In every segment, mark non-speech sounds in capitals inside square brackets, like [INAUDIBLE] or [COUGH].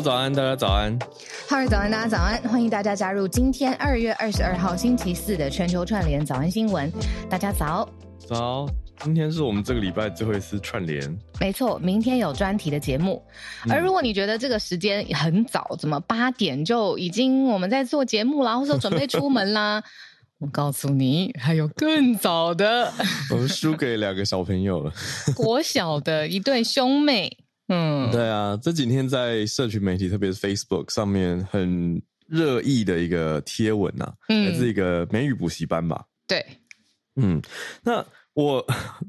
早安，大家早安。哈囉，早安，大家早安！歡迎大家加入今天二月二十二號星期四的全球串聯早安新聞。大家早，早！今天是我們這個禮拜最後一次串聯，沒錯，明天有專題的節目。而如果你覺得這個時間很早，嗯、怎麼八點就已經我們在做節目啦，或者準備出門啦？ [LAUGHS] 我告訴你，還有更早的。我們輸給兩個小朋友了， [LAUGHS] 國小的一對兄妹。嗯，對啊，這幾天在社群媒體，特別是 Facebook 上面很熱議的一個貼文啊，嗯、來自一個美語補習班吧。對，嗯，那我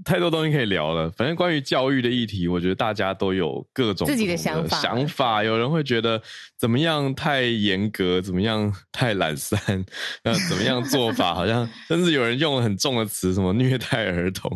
太多東西可以聊了。反正關於教育的議題，我覺得大家都有各種、種自己的想法。有人會覺得怎麼樣太嚴格，怎麼樣太懶散，呃，怎麼樣做法 [LAUGHS] 好像甚至有人用了很重的詞，什麼虐待兒童。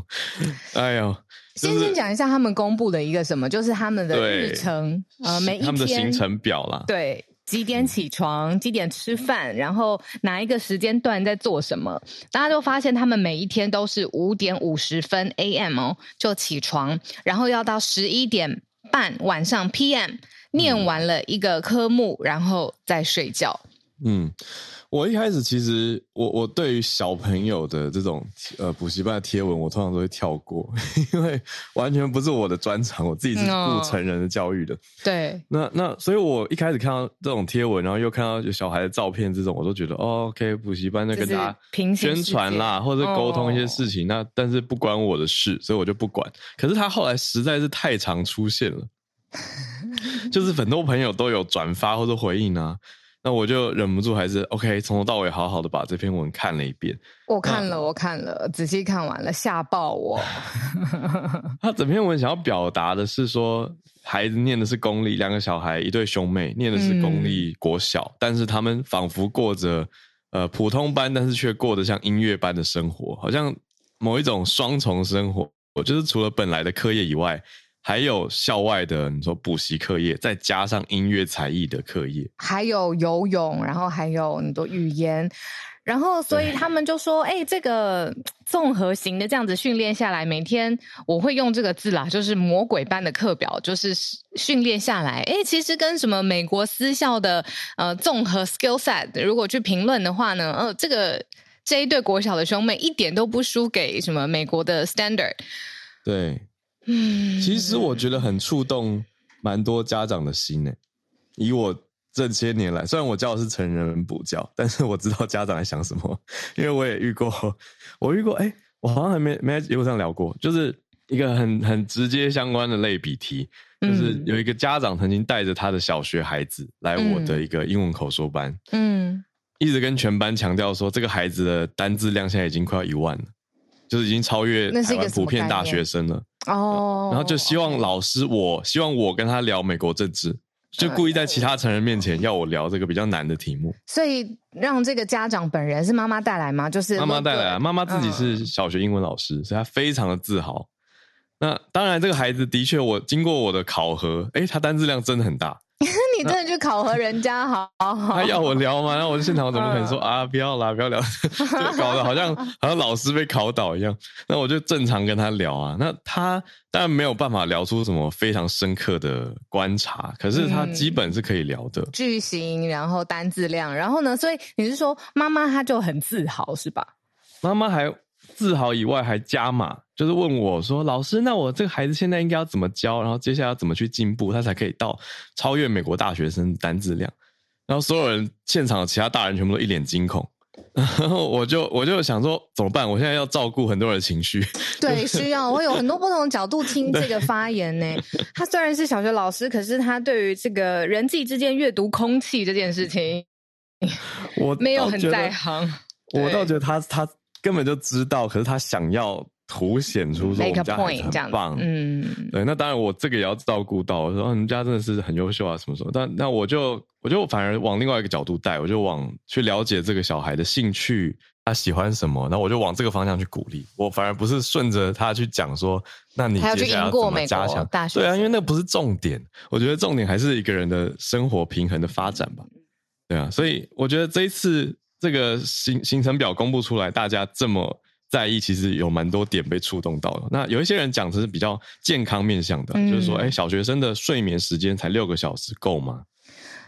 哎呦就是、先先講一下他們公布的一個什麼，就是他們的日程對呃，每一天他們的行程表啦，對，幾點起床，幾點吃飯，然後哪一個時間段在做什麼？大家就發現他們每一天都是五點五十分 a.m.、哦，就起床，然後要到十一點半晚上 p.m. 念完了一個科目，然後再睡覺。嗯嗯，我一開始其實我我對於小朋友的這種呃補習班的貼文，我通常都會跳過，因為完全不是我的專長，我自己是不成人的教育的。No. 對，那那所以，我一開始看到這種貼文，然後又看到有小孩的照片這種，我都覺得、哦、OK，補習班在跟大家宣傳啦，或者溝通一些事情，oh. 那但是不關我的事，所以我就不管。可是他後來實在是太常出現了， [LAUGHS] 就是很多朋友都有轉發或者回應啊。那我就忍不住孩子，還是 OK，從頭到尾好好的把這篇文看了一遍。我看了，那我看了，仔細看完了，嚇爆我！ [LAUGHS] 他整篇文想要表達的是說，孩子念的是公立，兩個小孩一對兄妹念的是公立、嗯、國小，但是他們仿佛過着呃普通班，但是卻過得像音樂班的生活，好像某一種雙重生活，我就是除了本來的課業以外，還有校外的，你說補習課業，再加上音樂才藝的課業，還有游泳，然後還有很多語言，然後所以他們就說：“哎對，這個綜合型的這樣子訓練下來，每天我會用這個字啦，就是魔鬼般的課表，就是訓練下來。哎，其實跟什麼美國私校的呃綜合 skill set，如果去評論的話呢，呃，這個這一對國小的兄妹一點都不輸給什麼美國的 standard，對。”嗯，其實我覺得很觸動蠻多家長的心呢、欸。以我這些年來，雖然我教的是成人補教，但是我知道家長在想什麼，因為我也遇過，我遇過，哎、欸，我好像還沒沒在 YouTube 上聊過，就是一個很很直接相關的類比題，嗯，就是有一個家長曾經帶着他的小學孩子來我的一個英文口說班，嗯，一直跟全班強調說，這個孩子的單字量現在已經快要一萬了，就是已經超越台灣普遍大學生了。哦，oh, 然後就希望老師我，我 Okay. 希望我跟他聊美國政治，就故意在其他成人面前要我聊這個比較難的題目。所以、so, 讓這個家長本人是媽媽帶來嗎？就是 Logan, 媽媽帶來了、啊，媽媽自己是小學英文老師，oh. 所以她非常的自豪。那當然，這個孩子的確我，我經過我的考核，哎，他單詞量真的很大。 [LAUGHS] 你真的去考核人家好，好？他要我聊嗎？那我就現場怎麼可能說啊？不要啦，不要聊， [LAUGHS] 就搞得好像好像老師被考倒一樣。那我就正常跟他聊啊。那他當然沒有辦法聊出什麼非常深刻的觀察，可是他基本是可以聊的。句型、嗯，然後單字量，然後呢？所以你是說媽媽她就很自豪是吧？媽媽還。自豪以外還加碼，就是問我說：“老師，那我這個孩子現在應該要怎麼教？然後接下來要怎麼去進步，他才可以到超越美國大學生單字量？”然後所有人現場的其他大人全部都一臉驚恐，然後我就我就想說怎麼辦？我現在要照顧很多人的情緒。對，就是、需要我有很多不同角度聽這個發言呢。對他雖然是小學老師，可是他對於這個人際之間閱讀空氣這件事情，我沒有很在行。我倒覺得他他。根本就知道。可是他想要凸顯出說，我們家很棒，like、point，這樣。嗯，對，那當然我這個也要照顧到，我說人家真的是很優秀啊，什麼什麼，但那我就我就反而往另外一個角度帶，我就往去了解這個小孩的興趣，他喜歡什麼，那我就往這個方向去鼓勵，我反而不是順着他去講說，那你接下來要怎麼加強？哦、對啊，因為那不是重點，我覺得重點還是一個人的生活平衡的發展吧，對啊，所以我覺得這一次，這個行行程表公布出來，大家這麼在意，其實有蠻多點被觸動到了。那有一些人講的是比較健康面向的，嗯、就是說，哎、欸，小學生的睡眠時間才六個小時夠嗎？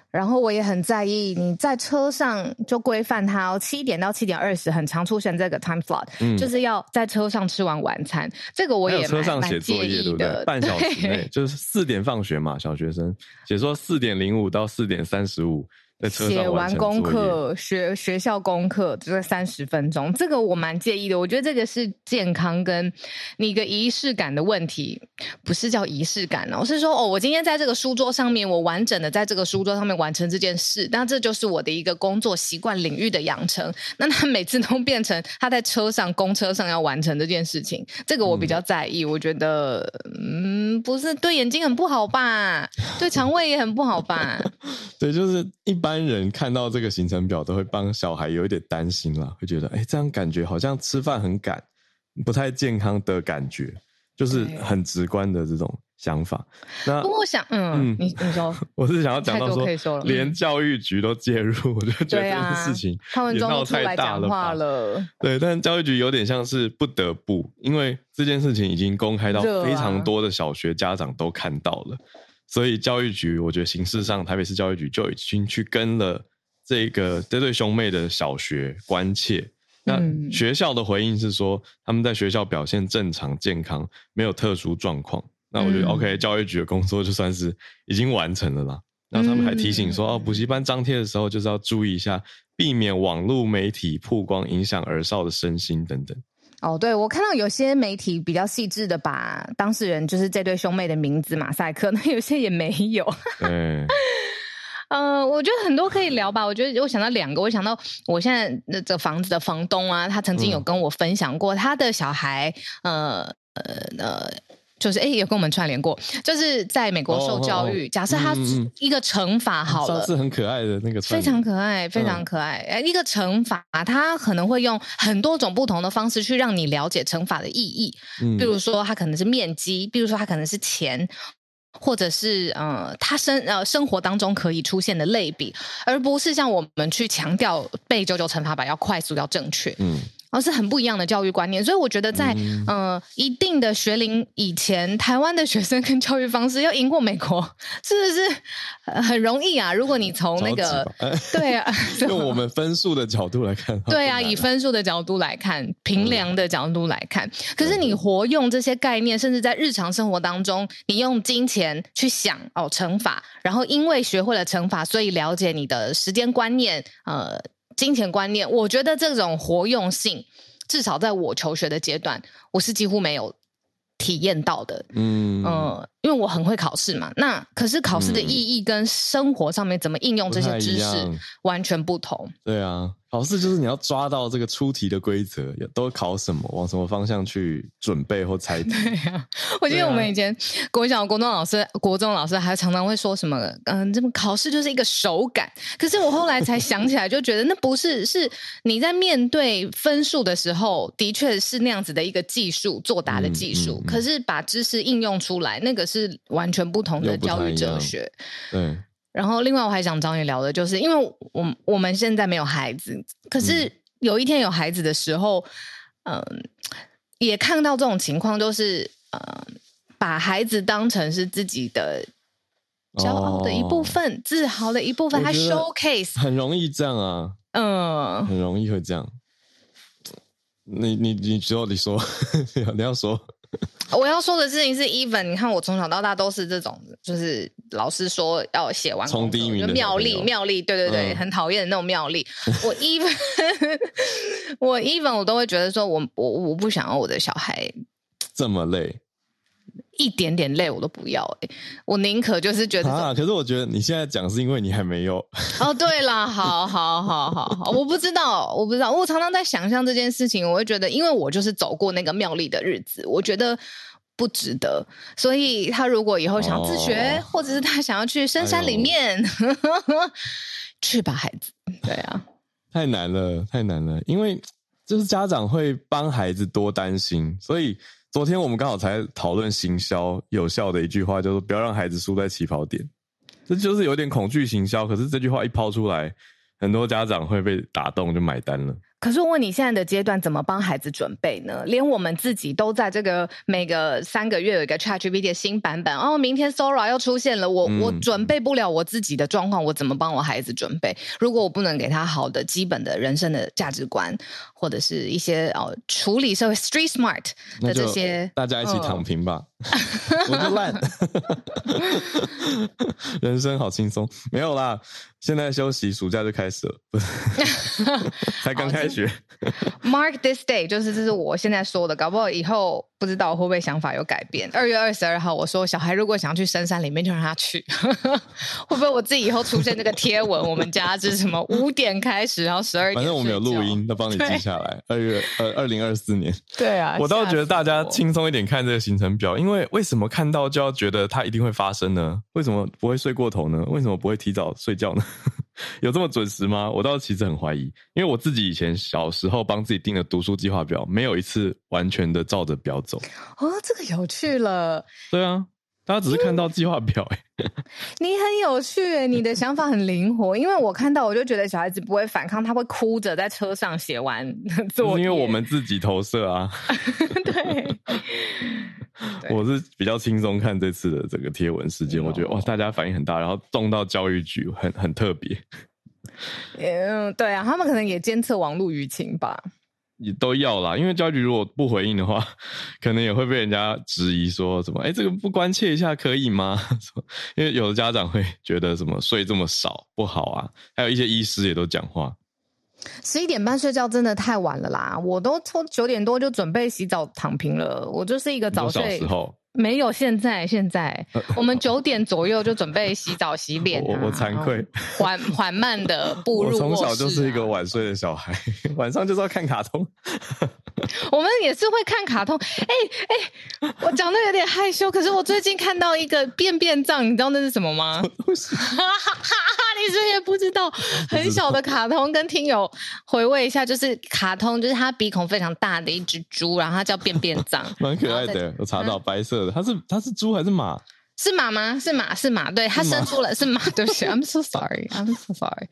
然後我也很在意，你在車上就規範他哦，七點到七點二十，很常出現這個 time slot，嗯、就是要在車上吃完晚餐。這個我也車上蠻寫作業對，對不對？半小時內對就是四點放學嘛，小學生，寫說四點零五到四點三十五。寫完，完功課，學學校功課，只三十分鐘，這個我蠻介意的。我覺得這個是健康跟你一個儀式感的問題，不是叫儀式感哦。我是說，哦，我今天在這個書桌上面，我完整的在這個書桌上面完成這件事，那這就是我的一個工作習慣領域的養成。那他每次都變成他在車上、公車上要完成這件事情，這個我比較在意。嗯、我覺得，嗯，不是對眼睛很不好吧？ [LAUGHS] 對腸胃也很不好吧？ [LAUGHS] 對，就是一般。一般人看到這個行程表，都會幫小孩有一點擔心了，會覺得，哎、欸，這樣感覺好像吃飯很趕，不太健康的感覺，就是很直觀的這種想法。對那我想，嗯，你你說， [LAUGHS] 我是想要講到說，說連教育局都介入，我就覺得這件事情他們鬧太大了，話了。對，但教育局有點像是不得不，因為這件事情已經公開到非常多的小學家長都看到了。所以教育局，我覺得形式上台北市教育局就已經去跟了這個這對兄妹的小學關切。那學校的回應是說，他們在學校表現正常、健康，沒有特殊狀況。那我覺得 OK，教育局的工作就算是已經完成了啦。然後他們還提醒說，哦，補習班張貼的時候就是要注意一下，避免網絡媒體曝光影響兒少的身心等等。哦，對，我看到有些媒體比較細緻的把當事人，就是這對兄妹的名字馬賽克，那有些也沒有。 [LAUGHS] 嗯、呃，我覺得很多可以聊吧。我覺得我想到兩個，我想到我現在這房子的房東啊，他曾經有跟我分享過他的小孩，呃呃、嗯、呃。呃就是哎，有跟我們串聯過，就是在美國受教育。Oh, oh, oh, 假設他一個乘法好了，是、嗯嗯、很可愛的那個，非常可愛，非常可愛。哎、嗯，一個乘法，他可能會用很多種不同的方式去讓你了解乘法的意義。比如說，它可能是面積，比如說，它可能是錢，或者是嗯、呃，他生呃生活當中可以出現的類比，而不是像我們去強調背九九乘法表要快速要正確。嗯。而、哦、是很不一樣的教育觀念，所以我覺得在嗯、呃、一定的學齡以前，台灣的學生跟教育方式要贏過美國，是不是、呃、很容易啊？如果你從那個、欸、對啊， [LAUGHS] 用我們分數的角度來看，啊對啊，以分數的角度來看，評量的角度來看，可是你活用這些概念，嗯、甚至在日常生活當中，你用金錢去想哦乘法，然後因為學會了乘法，所以了解你的時間觀念，呃。金錢觀念，我覺得這種活用性，至少在我求學的階段，我是幾乎沒有體驗到的。嗯嗯。嗯因為我很會考試嘛，那可是考試的意義跟生活上面怎麼應用這些知識、嗯、完全不同。對啊，考試就是你要抓到這個出題的規則，都考什麼，往什麼方向去準備或猜對、啊、我記得我們以前、啊、國小國中老師，國中老師還常常會說什麼，嗯，怎麼考試就是一個手感。可是我後來才想起來，就覺得 [LAUGHS] 那不是，是你在面對分數的時候，的確是那樣子的一個技術，作答的技術。嗯嗯、可是把知識應用出來，那個是。是完全不同的教育哲學。對。然後，另外我還想找你聊的，就是因為我我們現在沒有孩子，可是有一天有孩子的時候，嗯，嗯，也看到這種情況，就是、嗯、把孩子當成是自己的驕傲的一部分，哦、自豪的一部分，他 showcase 很容易這樣啊。嗯。很容易會這樣。你你你，你說你說， [LAUGHS] 你要說。 [LAUGHS] 我要說的事情是，even，你看我從小到大都是這種，就是老師說要寫完的妙、妙麗妙麗，對對對，嗯、很討厭的那種妙麗。我 even， [LAUGHS] 我 even，我都會覺得說我，我我我不想要我的小孩這麼累。一點點累我都不要哎、欸，我寧可就是覺得、啊、可是我覺得你現在講是因為你還沒有哦。對了，好好好好好，我不知道，我不知道，我常常在想象這件事情，我會覺得，因為我就是走過那個廟裡的日子，我覺得不值得。所以他如果以後想自學，哦、或者是他想要去深山裡面、哎、呦 [LAUGHS] 去吧，孩子。對啊，太難了，太難了，因為就是家長會幫孩子多擔心，所以。昨天我們剛好才討論行銷有效的一句話，就是不要讓孩子輸在起跑點。這就是有點恐懼行銷，可是這句話一拋出來，很多家長會被打動，就買單了。可是我問你，現在的階段怎麼幫孩子準備呢？連我們自己都在這個每個三個月有一個 ChatGPT 的新版本，哦，明天 Sora 又出現了，我我準備不了我自己的狀況，我怎麼幫我孩子準備？如果我不能給他好的基本的人生的價值觀，或者是一些哦處理社會 street smart 的這些，大家一起躺平吧。哦 [LAUGHS] 我就爛， [LAUGHS] 人生好輕鬆，沒有啦。現在休息，暑假就開始了，不是 [LAUGHS] 才剛開學。好 [LAUGHS] Mark this day，就是這是我現在說的，搞不好以後。不知道我會不會想法有改變。二月二十二號，我說小孩如果想要去深山裡面，就讓他去。 [LAUGHS] 會不會我自己以後出現這個貼文？ [LAUGHS] 我們家是什麼五點開始，然後十二點？反正我們有錄音，那幫你記下來。二對月二零二四年，對啊，我倒覺得大家輕鬆一點看這個行程表，因為為什麼看到就要覺得它一定會發生呢？為什麼不會睡過頭呢？為什麼不會提早睡覺呢？ [LAUGHS] 有這麼準時嗎？我倒是其實很懷疑，因為我自己以前小時候幫自己訂的讀書計劃表，沒有一次完全的照着表走。哦，這個有趣了。對啊。大家只是看到計劃表哎、嗯，你很有趣 [LAUGHS] 你的想法很靈活。因為我看到，我就覺得小孩子不會反抗，他會哭着在車上寫完做。因為我們自己投射啊，對。 [LAUGHS] 我是比較輕鬆看這次的這個貼文事件，對我覺得哇，大家反應很大，然後動到教育局，很很特別。嗯，對啊，他們可能也監測網絡輿情吧。你都要啦，因為教育局如果不回應的話，可能也會被人家質疑說，什麼，哎、欸，這個不關切一下可以嗎？因為有的家長會覺得，什麼睡這麼少不好啊，還有一些醫師也都講話，十一點半睡覺真的太晚了啦，我都從九點多就準備洗澡躺平了，我就是一個早睡。沒有，現在現在，呃、我們九點左右就準備洗澡洗臉、啊。我我慚愧，緩緩慢的步入、啊。我從小就是一個晚睡的小孩，晚上就是要看卡通。 [LAUGHS] 我們也是會看卡通，哎、欸、哎、欸，我講的有點害羞，可是我最近看到一個便便髒，你知道那是什麼嗎？ [LAUGHS] 你這也不知道，很小的卡通跟聽友回味一下，就是卡通，就是它鼻孔非常大的一隻豬，然後它叫便便髒，蠻可愛的。嗯、我查到白色的。他是他是豬還是馬？是馬嗎？是馬是馬，對，馬他生出了是馬，對不起，I'm so sorry，I'm so sorry，, so sorry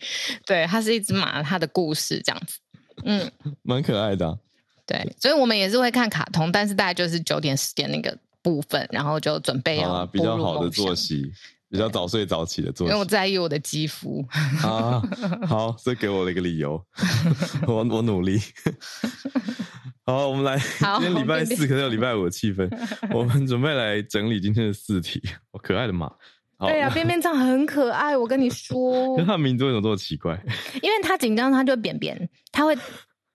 對，他是一隻馬，他的故事這樣子，嗯，蠻可愛的、啊，對，所以我們也是會看卡通，但是大概就是九點十點那個部分，然後就準備要啊，比較好的作息，對比較早睡早起的作息，因為我在意我的肌膚啊，好，這給我了一個理由， [LAUGHS] 我我努力。 [LAUGHS] 好，我們來好今天禮拜四，便便可能有禮拜五的氣氛。 [LAUGHS] 我們準備來整理今天的四題。我可愛的馬，對啊，邊邊那唱很可愛。我跟你說，那他名字為什麼這麼奇怪？因為他緊張，他就扁扁。他會，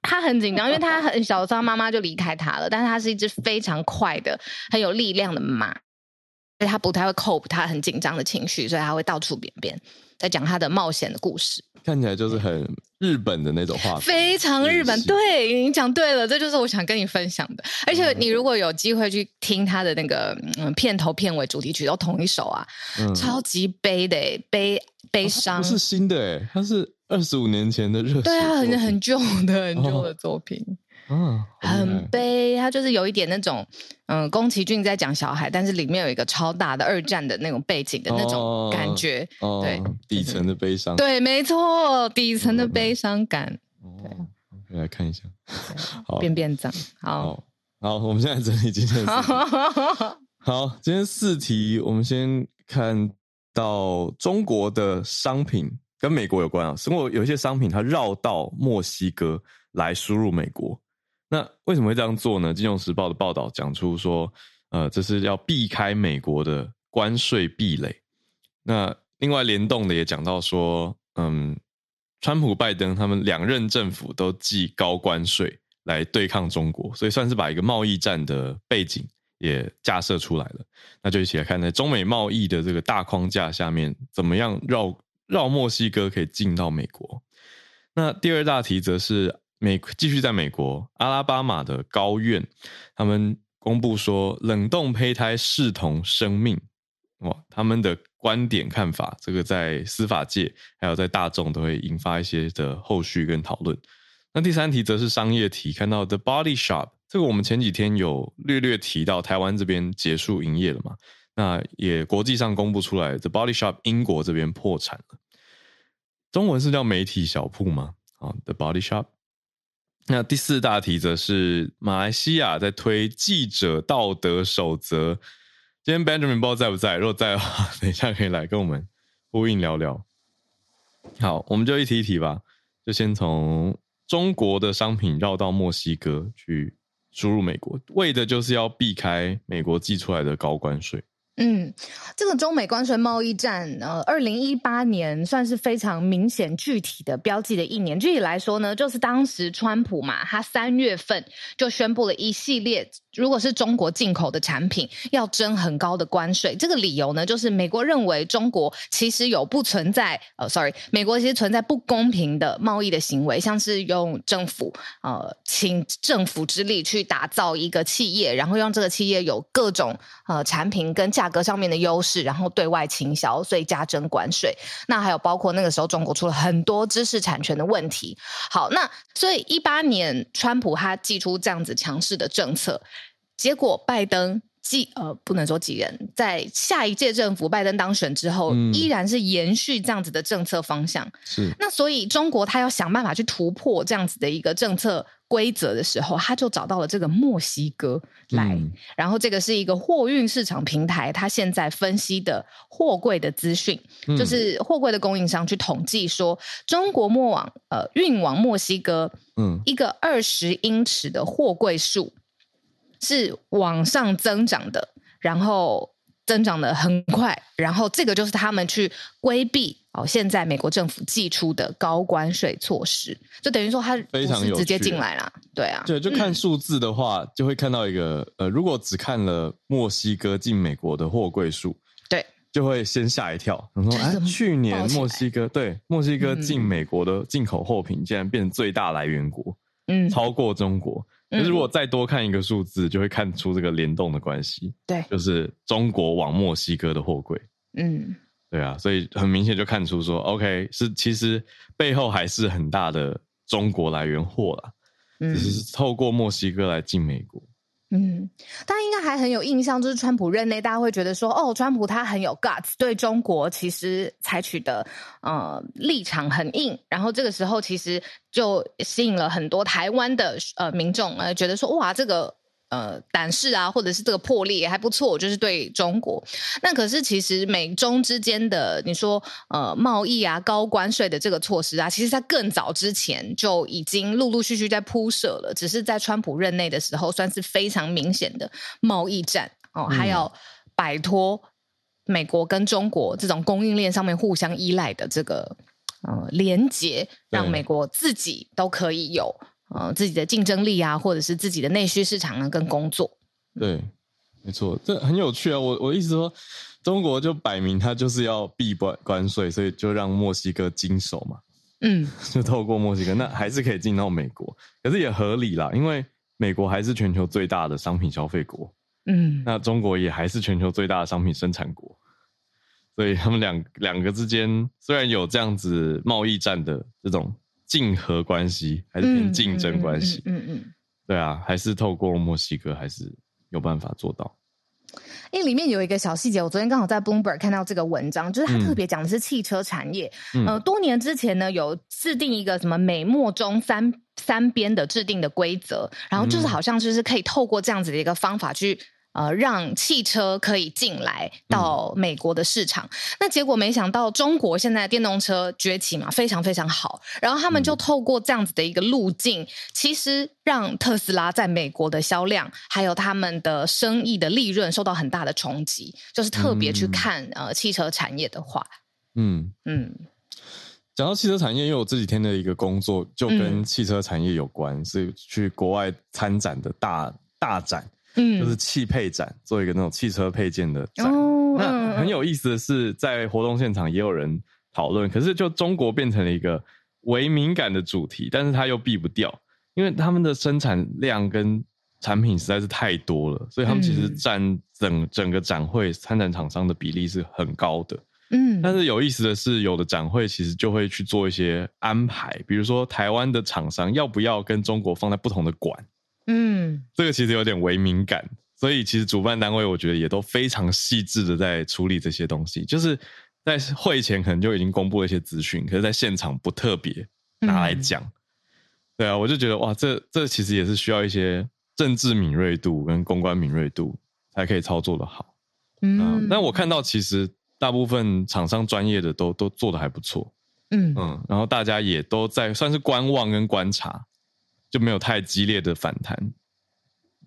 他很緊張，因為他很小時候，他媽媽就離開他了。但是他是一隻非常快的、很有力量的馬，所以他不太會 cope 他很緊張的情緒，所以他會到處扁扁，在講他的冒險的故事。看起來就是很日本的那種畫風，非常日本。繹對，你講對了，這就是我想跟你分享的。而且你如果有機會去聽他的那個片頭、片尾主題曲，都同一首啊，嗯、超級悲的、欸、悲悲傷。哦、不是新的、欸，它是二十五年前的熱。對啊，很很舊的、很舊的作品。哦嗯，啊、很悲，他就是有一點那種，嗯，宮崎駿在講小孩，但是裡面有一個超大的二戰的那種背景的那種感覺，哦哦、對，底層的悲傷， [LAUGHS] 對，沒錯，底層的悲傷感，哦、對，哦、okay, 來看一下，好，啊、好，便便髒，好好，我們現在整理今天的事， [LAUGHS] 好，今天四題，我們先看到中國的商品跟美國有關啊，中國有一些商品它繞到墨西哥來輸入美國。那為什麼會這樣做呢？金融時報的報道講出說，呃，這是要避開美國的關稅壁壘。那另外聯動的也講到說，嗯，川普、拜登他們兩任政府都祭高關稅來對抗中國，所以算是把一個貿易戰的背景也架設出來了。那就一起來看，在中美貿易的這個大框架下面，怎麼樣繞繞墨西哥可以進到美國？那第二大題則是。美繼續在美國阿拉巴馬的高院，他們公布說冷凍胚胎視同生命。哇，他們的觀點看法，這個在司法界還有在大眾都會引發一些的後續跟討論。那第三題則是商業題，看到 The Body Shop 這個，我們前幾天有略略提到，台灣這邊結束營業了嘛？那也國際上公布出來，The Body Shop 英國這邊破產了。中文是叫美體小舖嗎？啊，The Body Shop。那第四大題則是馬來西亞在推記者道德守則。今天 Benjamin 不知道在不在？如果在的話，等一下可以來跟我們呼應聊聊。好，我們就一題一題吧。就先從中國的商品繞到墨西哥去輸入美國，為的就是要避開美國寄出來的高關稅。嗯，這個中美關稅貿易戰，呃，二零一八年算是非常明顯具體的標記的一年。具體來說呢，就是當時川普嘛，他三月份就宣布了一系列。如果是中國進口的產品要徵很高的關稅，這個理由呢，就是美國認為中國其實有不存在呃，oh，sorry，美國其實存在不公平的貿易的行為，像是用政府呃，傾政府之力去打造一個企業，然後讓這個企業有各種呃產品跟價格上面的優勢，然後對外傾銷，所以加徵關稅。那還有包括那個時候中國出了很多知識產權的問題。好，那所以一八年川普他祭出這樣子強勢的政策。結果，拜登繼呃不能說繼任，在下一屆政府拜登當選之後，嗯、依然是延續這樣子的政策方向。是那所以中國他要想辦法去突破這樣子的一個政策規則的時候，他就找到了這個墨西哥來。嗯、然後這個是一個貨運市場平台，他現在分析的貨櫃的資訊，嗯、就是貨櫃的供應商去統計說，中國墨往呃運往墨西哥，嗯，一個二十英尺的貨櫃數。是往上增長的，然後增長得很快，然後這個就是他們去規避哦。現在美國政府祭出的高關稅措施，就等於說它不是直接進來了，對啊。對，就看數字的話，嗯、就會看到一個呃，如果只看了墨西哥進美國的貨櫃數，對，就會先嚇一跳。我說哎，呃、去年墨西哥對墨西哥進美國的進口貨品，嗯、竟然變成最大來源國，嗯，超過中國。如果再多看一個數字，就會看出這個聯動的關係。對，就是中國往墨西哥的貨櫃。嗯，對啊，所以很明顯就看出說，OK，是其實背後還是很大的中國來源貨啦，嗯，只是透過墨西哥來進美國。嗯，大家應該還很有印象，就是川普任內，大家會覺得說，哦，川普他很有 guts，對中國其實採取的呃立場很硬，然後這個時候其實就吸引了很多台灣的呃民眾，呃，覺得說，哇，這個。呃，膽識啊，或者是這個魄力也還不錯，就是對中國。那可是，其實美中之間的，你說呃，貿易啊，高關稅的這個措施啊，其實在更早之前就已經陸陸續續在鋪設了，只是在川普任內的時候算是非常明顯的貿易戰哦。還要擺脫美國跟中國這種供應鏈上面互相依賴的這個呃連結，讓美國自己都可以有。呃、哦，自己的競爭力啊，或者是自己的內需市場呢、啊，跟工作。對，沒錯，這很有趣啊。我我意思說，中國就擺明它就是要避關關稅，所以就讓墨西哥經手嘛。嗯，就透過墨西哥，那還是可以進到美國，可是也合理啦，因為美國還是全球最大的商品消費國。嗯，那中國也還是全球最大的商品生產國，所以他們兩兩個之間雖然有這樣子貿易戰的這種。競合關係還是偏競爭關係？嗯，嗯嗯，嗯對啊，還是透過墨西哥還是有辦法做到。因為裡面有一個小細節，我昨天剛好在 Bloomberg 看到這個文章，就是他特別講的是汽車產業，嗯，呃，多年之前呢有制定，一個什麼美墨中三三邊的制定的規則，然後就是好像就是可以透過這樣子的一個方法去。呃，讓汽車可以進來到美國的市場，嗯、那結果沒想到中國現在電動車崛起嘛，非常非常好。然後他們就透過這樣子的一個路徑，嗯、其實讓特斯拉在美國的銷量還有他們的生意的利潤受到很大的衝擊。就是特別去看、嗯、呃汽車產業的話，嗯嗯，嗯講到汽車產業，因為我這幾天的一個工作就跟汽車產業有關，嗯、是去國外參展的大大展。嗯，就是汽配展，做一個那種汽車配件的展。哦呃、那很有意思的是，在活動現場也有人討論。可是，就中國變成了一個微敏感的主題，但是它又避不掉，因為他們的生產量跟產品實在是太多了，所以他們其實占整、嗯、整個展會參展廠商的比例是很高的。嗯，但是有意思的是，有的展會其實就會去做一些安排，比如說台灣的廠商要不要跟中國放在不同的館。嗯，這個其實有點微敏感，所以其實主辦單位我覺得也都非常細緻的在處理這些東西，就是在會前可能就已經公布了一些資訊，可是在現場不特別拿來講。嗯、對啊，我就覺得哇，這這其實也是需要一些政治敏銳度跟公關敏銳度才可以操作得好。嗯，那、嗯、我看到其實大部分廠商專業的都都做得還不錯。嗯嗯，然後大家也都在算是觀望跟觀察。就沒有太激烈的反彈，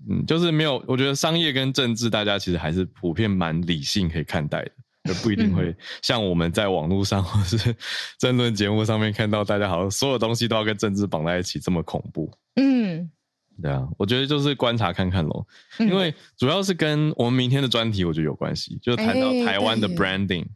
嗯，就是沒有。我覺得商業跟政治，大家其實還是普遍蠻理性可以看待的，就不一定會像我們在網絡上或是政論節目上面看到，大家好像所有東西都要跟政治綁在一起，這麼恐怖。嗯，對啊，我覺得就是觀察看看咯，嗯，因為主要是跟我們明天的專題我覺得有關係，就談到台灣的 branding，欸。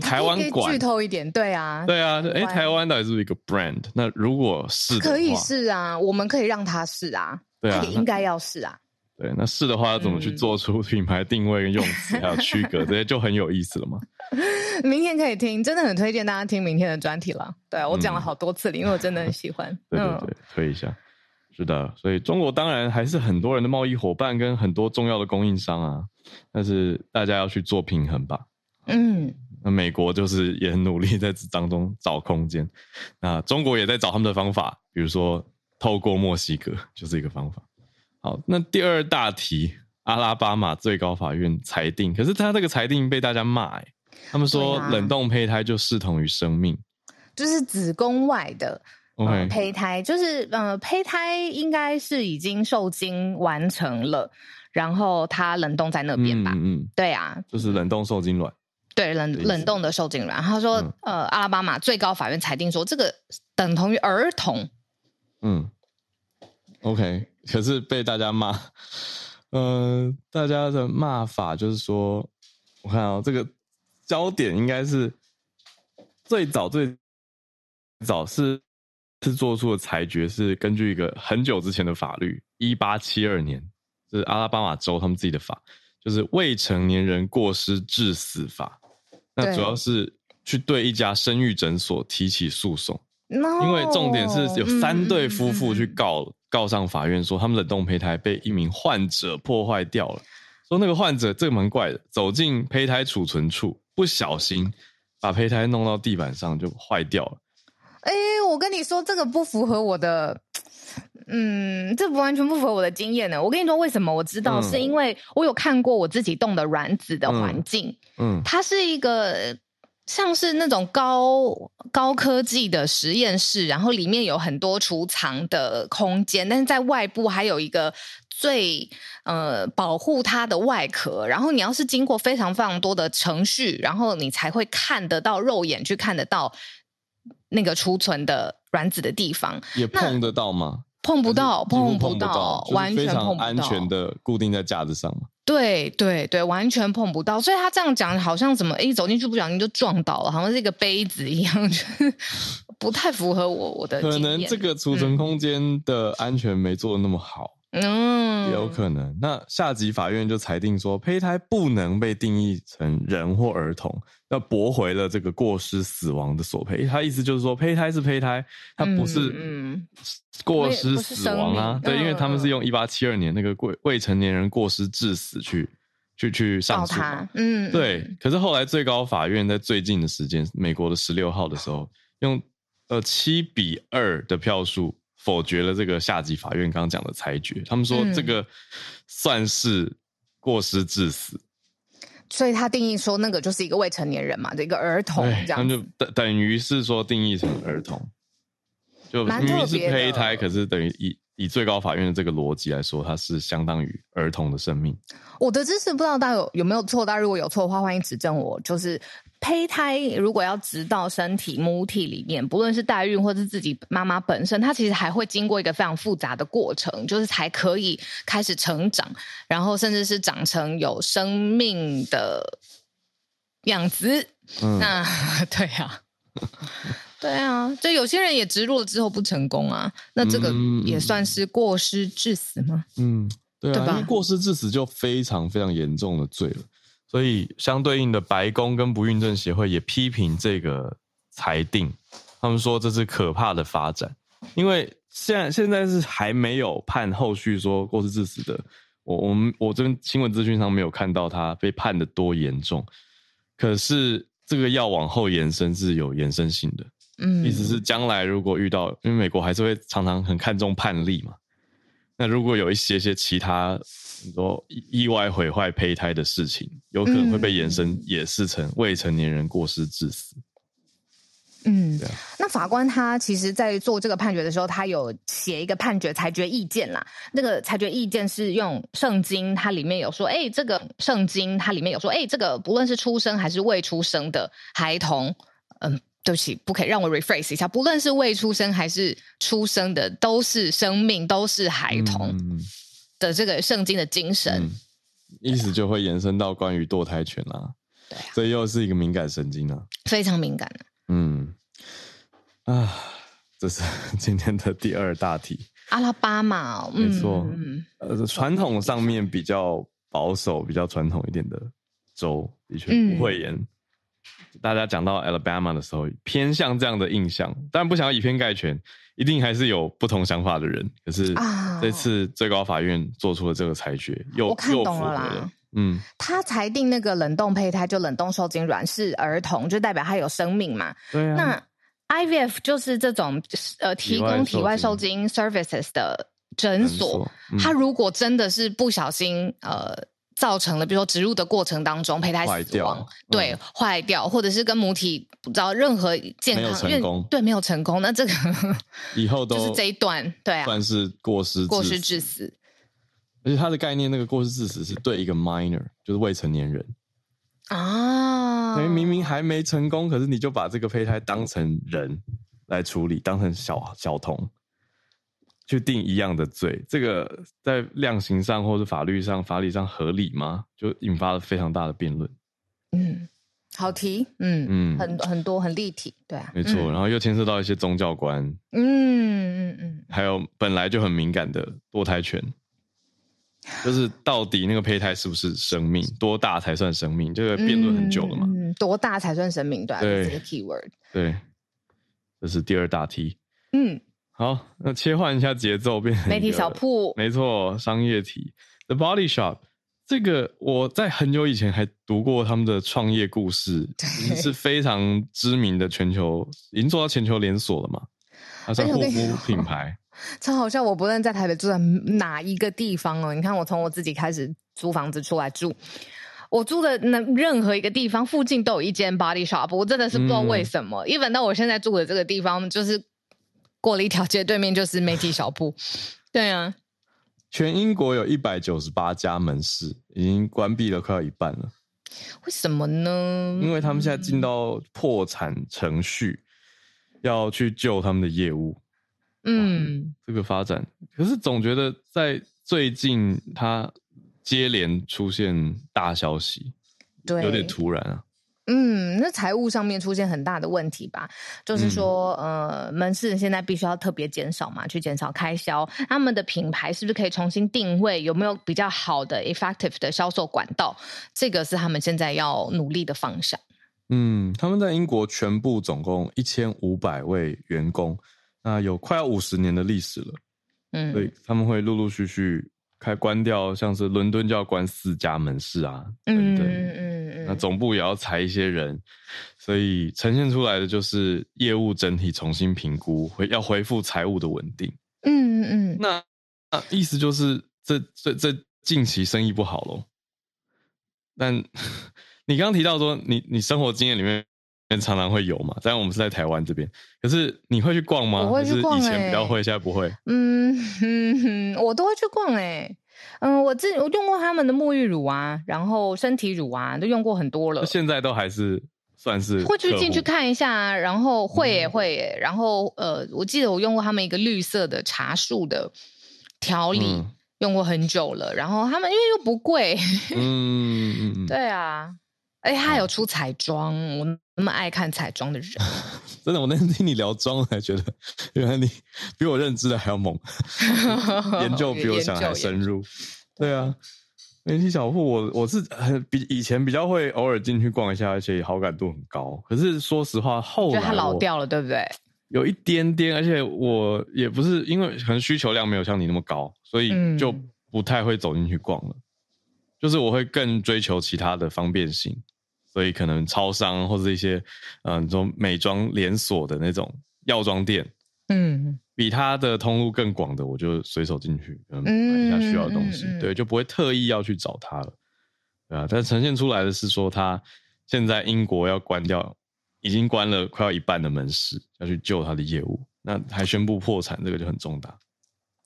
台灣館，可以可以劇透一點，對啊，對啊，哎灣，台灣到底是不是一個 brand？那如果是可以是啊，我們可以讓它是啊，對啊，應該要是啊，對，對，那是的話要怎麼去做出品牌定位跟用詞還有區隔、嗯、 [LAUGHS] 這些就很有意思了嘛。明天可以聽，真的很推薦大家聽明天的專題了。對、啊、我講了好多次了，嗯，因為我真的很喜歡。對對對，嗯，推一下。是的，所以中國當然還是很多人的貿易夥伴跟很多重要的供應商啊，但是大家要去做平衡吧。嗯。那美國就是也很努力在當中找空間，啊，中國也在找他們的方法，比如說透過墨西哥就是一個方法。好，那第二大題，阿拉巴馬最高法院裁定，可是他這個裁定被大家罵，哎，他們說冷凍胚胎就視同於生命。啊，就是子宮外的 Okay.，呃，胚胎，就是呃胚胎應該是已經受精完成了，然後它冷凍在那邊吧？嗯，對啊，就是冷凍受精卵。對冷冷凍的受精卵，他說：“嗯、呃，阿拉巴馬最高法院裁定說，這個等同於兒童。嗯”嗯，OK，可是被大家罵。嗯、呃，大家的罵法就是說，我看哦，這個焦點應該是最早最早是是做出的裁決是根據一個很久之前的法律，一八七二年，就是阿拉巴馬州他們自己的法，就是未成年人過失致死法。主要是去對一家生育診所提起訴訟，因為重點是有三對夫婦去告告上法院，說他們冷凍胚胎被一名患者破壞掉了。說那個患者這個蠻怪的，走進胚胎儲存處，不小心把胚胎弄到地板上就壞掉了。哎、欸，我跟你說，這個不符合我的。嗯，這不完全不符合我的經驗呢。我跟你說為什麼？我知道，嗯，是因為我有看過我自己凍的卵子的環境，嗯，嗯，它是一個像是那種高高科技的實驗室，然後裡面有很多儲藏的空間，但是在外部還有一個最呃保護它的外殼，然後你要是經過非常非常多的程序，然後你才會看得到肉眼去看得到那個儲存的卵子的地方，也碰得到嗎？碰不到，碰不到，完全碰不到。非常安全的固定在架子上嘛？對對對，完全碰不到。所以他這樣講，好像怎麼一走進去不小心就撞到了，好像是一個杯子一樣，就是、不太符合我我的。可能這個儲存空間的安全沒做得那麼好。嗯。嗯，有可能。那下級法院就裁定說，胚胎不能被定義成人或兒童，那駁回了這個過失死亡的索賠。他意思就是說，胚胎是胚胎，他不是過失死亡啊。嗯嗯嗯、對，因為他們是用一八七二年那個未未成年人過失致死去去去上訴。嗯，對。可是後來最高法院在最近的時間，美國的十六號的時候，用呃七比二的票數。否決了這個下級法院剛剛講的裁決，他們說，這個算是過失致死。嗯，所以他定義說那個就是一個未成年人嘛，一個兒童，這樣。哎、就等等於是說定義成兒童，就蠻明明是胚胎，可是等於以以最高法院的這個邏輯來說，它是相當於兒童的生命。我的知識不知道大家有有沒有錯？大家如果有錯的話，歡迎指正我，就是。胚胎如果要植到身體母體裡面，不論是代孕或者是自己媽媽本身，它其實還會經過一個非常複雜的過程，就是才可以開始成長，然後甚至是長成有生命的樣子。嗯、那對啊， [LAUGHS] 對啊，就有些人也植入了之後不成功啊，那這個也算是過失致死嗎？嗯，對啊，對吧，因為過失致死就非常非常嚴重的罪了。所以，相對應的，白宮跟不孕症協會也批評這個裁定，他們說這是可怕的發展，因為現現在是還沒有判後續說過失致死的，我我們我這邊新聞資訊上沒有看到他被判得多嚴重，可是這個要往後延伸是有延伸性的，嗯，意思是將來如果遇到，因為美國還是會常常很看重判例嘛，那如果有一些些其他。很多意外毀壞胚胎的事情，有可能會被延伸，也是成未成年人過失致死。嗯，對啊。那法官他其實，在做這個判決的時候，他有寫一個判決裁決意見啦。那個裁決意見是用聖經，它裡面有說：“哎，這個聖經它裡面有說，哎，這個不論是出生還是未出生的孩童，嗯，對不起，不可以讓我 rephrase 一下，不論是未出生還是出生的，都是生命，都是孩童。嗯”的這個聖經的精神，嗯，意思就會延伸到關於墮胎權啊。對啊，這又是一個敏感神經啊，非常敏感，啊，嗯，啊，這是今天的第二大題，阿拉巴馬，沒錯，呃，傳統上面比較保守，比較傳統一點的州，的確不會延，嗯，大家講到 Alabama 的時候，偏向這樣的印象，但不想要以偏概全。一定還是有不同想法的人，可是這次最高法院做出了這個裁決，又我看懂了啦。嗯，他裁定那個冷凍胚胎就冷凍受精卵是兒童，就代表他有生命嘛？對啊。那 IVF 就是這種呃，提供體外受精 services 的、呃、診所，嗯、他如果真的是不小心呃。造成了，比如說植入的過程當中，胚胎死亡，壞掉，對，嗯、壞掉，或者是跟母體不知道任何健康成功，對，沒有成功，那這個以後都是這一段，對啊，算是過失過失致死，致死，而且他的概念，那個過失致死是對一個 minor，就是未成年人啊，明明還沒成功，可是你就把這個胚胎當成人來處理，當成小小童。去定一樣的罪，這個在量刑上或是法律上、法理上合理嗎？就引發了非常大的辯論。嗯，好題，嗯嗯，很很多很立體，對啊，沒錯。嗯、然後又牽涉到一些宗教觀，嗯，嗯，嗯，還有本來就很敏感的墮胎權，就是到底那個胚胎是不是生命，多大才算生命？這個辯論很久了嘛、嗯，多大才算生命？對、啊，對這個 keyword，對，這是第二大題，嗯。好，那切換一下節奏，變成媒體小鋪。沒錯，商業體 The Body Shop，這個我在很久以前還讀過他們的創業故事，對是非常知名的全球，已經做到全球連鎖了嘛？它是護膚品牌，超好笑！我不論在台北住在哪一個地方哦，你看我從我自己開始租房子出來住，我住的那任何一個地方附近都有一間 Body Shop，我真的是不知道為什麼，even 到我現在住的這個地方，就是。過了一條街，對面就是美體小舖。對啊，全英國有一百九十八家門市已經關閉了，快要一半了。為什麼呢？因為他們現在進到破產程序，嗯、要去救他們的業務。嗯，這個發展，可是總覺得在最近，它接連出現大消息，對，有點突然啊。嗯，那財務上面出現很大的問題吧？就是說，嗯、呃，門市現在必須要特別減少嘛，去減少開銷。他們的品牌是不是可以重新定位？有沒有比較好的、effective 的銷售管道？這個是他們現在要努力的方向。嗯，他們在英國全部總共一千五百位員工，那有快要五十年的歷史了。嗯，所以他們會陸陸續續。開關掉，像是倫敦就要關四家門市啊，嗯、等等，嗯、那總部也要裁一些人，所以呈現出來的就是業務整體重新評估，要恢復財務的穩定。嗯嗯嗯，嗯那那意思就是這這這近期生意不好嘍？但 [LAUGHS] 你剛提到說，你你生活經驗裡面。常常會有嘛，但我們是在台灣這邊。可是你會去逛嗎？我會去逛，欸、是以前比較會，現在不會。嗯哼、嗯，我都會去逛哎，欸。嗯，我自己我用過他們的沐浴乳啊，然後身體乳啊，都用過很多了。現在都還是算是會去進去看一下，然後會也會也，嗯、然後呃，我記得我用過他們一個綠色的茶樹的調理，嗯、用過很久了。然後他們因為又不貴，嗯 [LAUGHS] 嗯嗯，嗯嗯對啊。哎、欸，他有出彩妝，哦、我那麼愛看彩妝的人，真的，我那天聽你聊妝，還覺得原來你比我認知的還要猛， [LAUGHS] 研究比我想還深入。 [LAUGHS] 研究研究對啊，美體小舖，我我是比以前比較會偶爾進去逛一下，而且好感度很高。可是說實話，後來就它老掉了，對不對？有一點點，而且我也不是因為可能需求量沒有像你那麼高，所以就不太會走進去逛了。嗯、就是我會更追求其他的方便性。所以可能超商或者一些，嗯、呃，這種美妝連鎖的那種藥妝店，嗯，比它的通路更廣的，我就隨手進去，嗯，買一下需要的東西，嗯、對，嗯、就不會特意要去找它了，對啊，但呈現出來的是說，它現在英國要關掉，已經關了快要一半的門市，要去救它的業務，那還宣布破產，這個就很重大。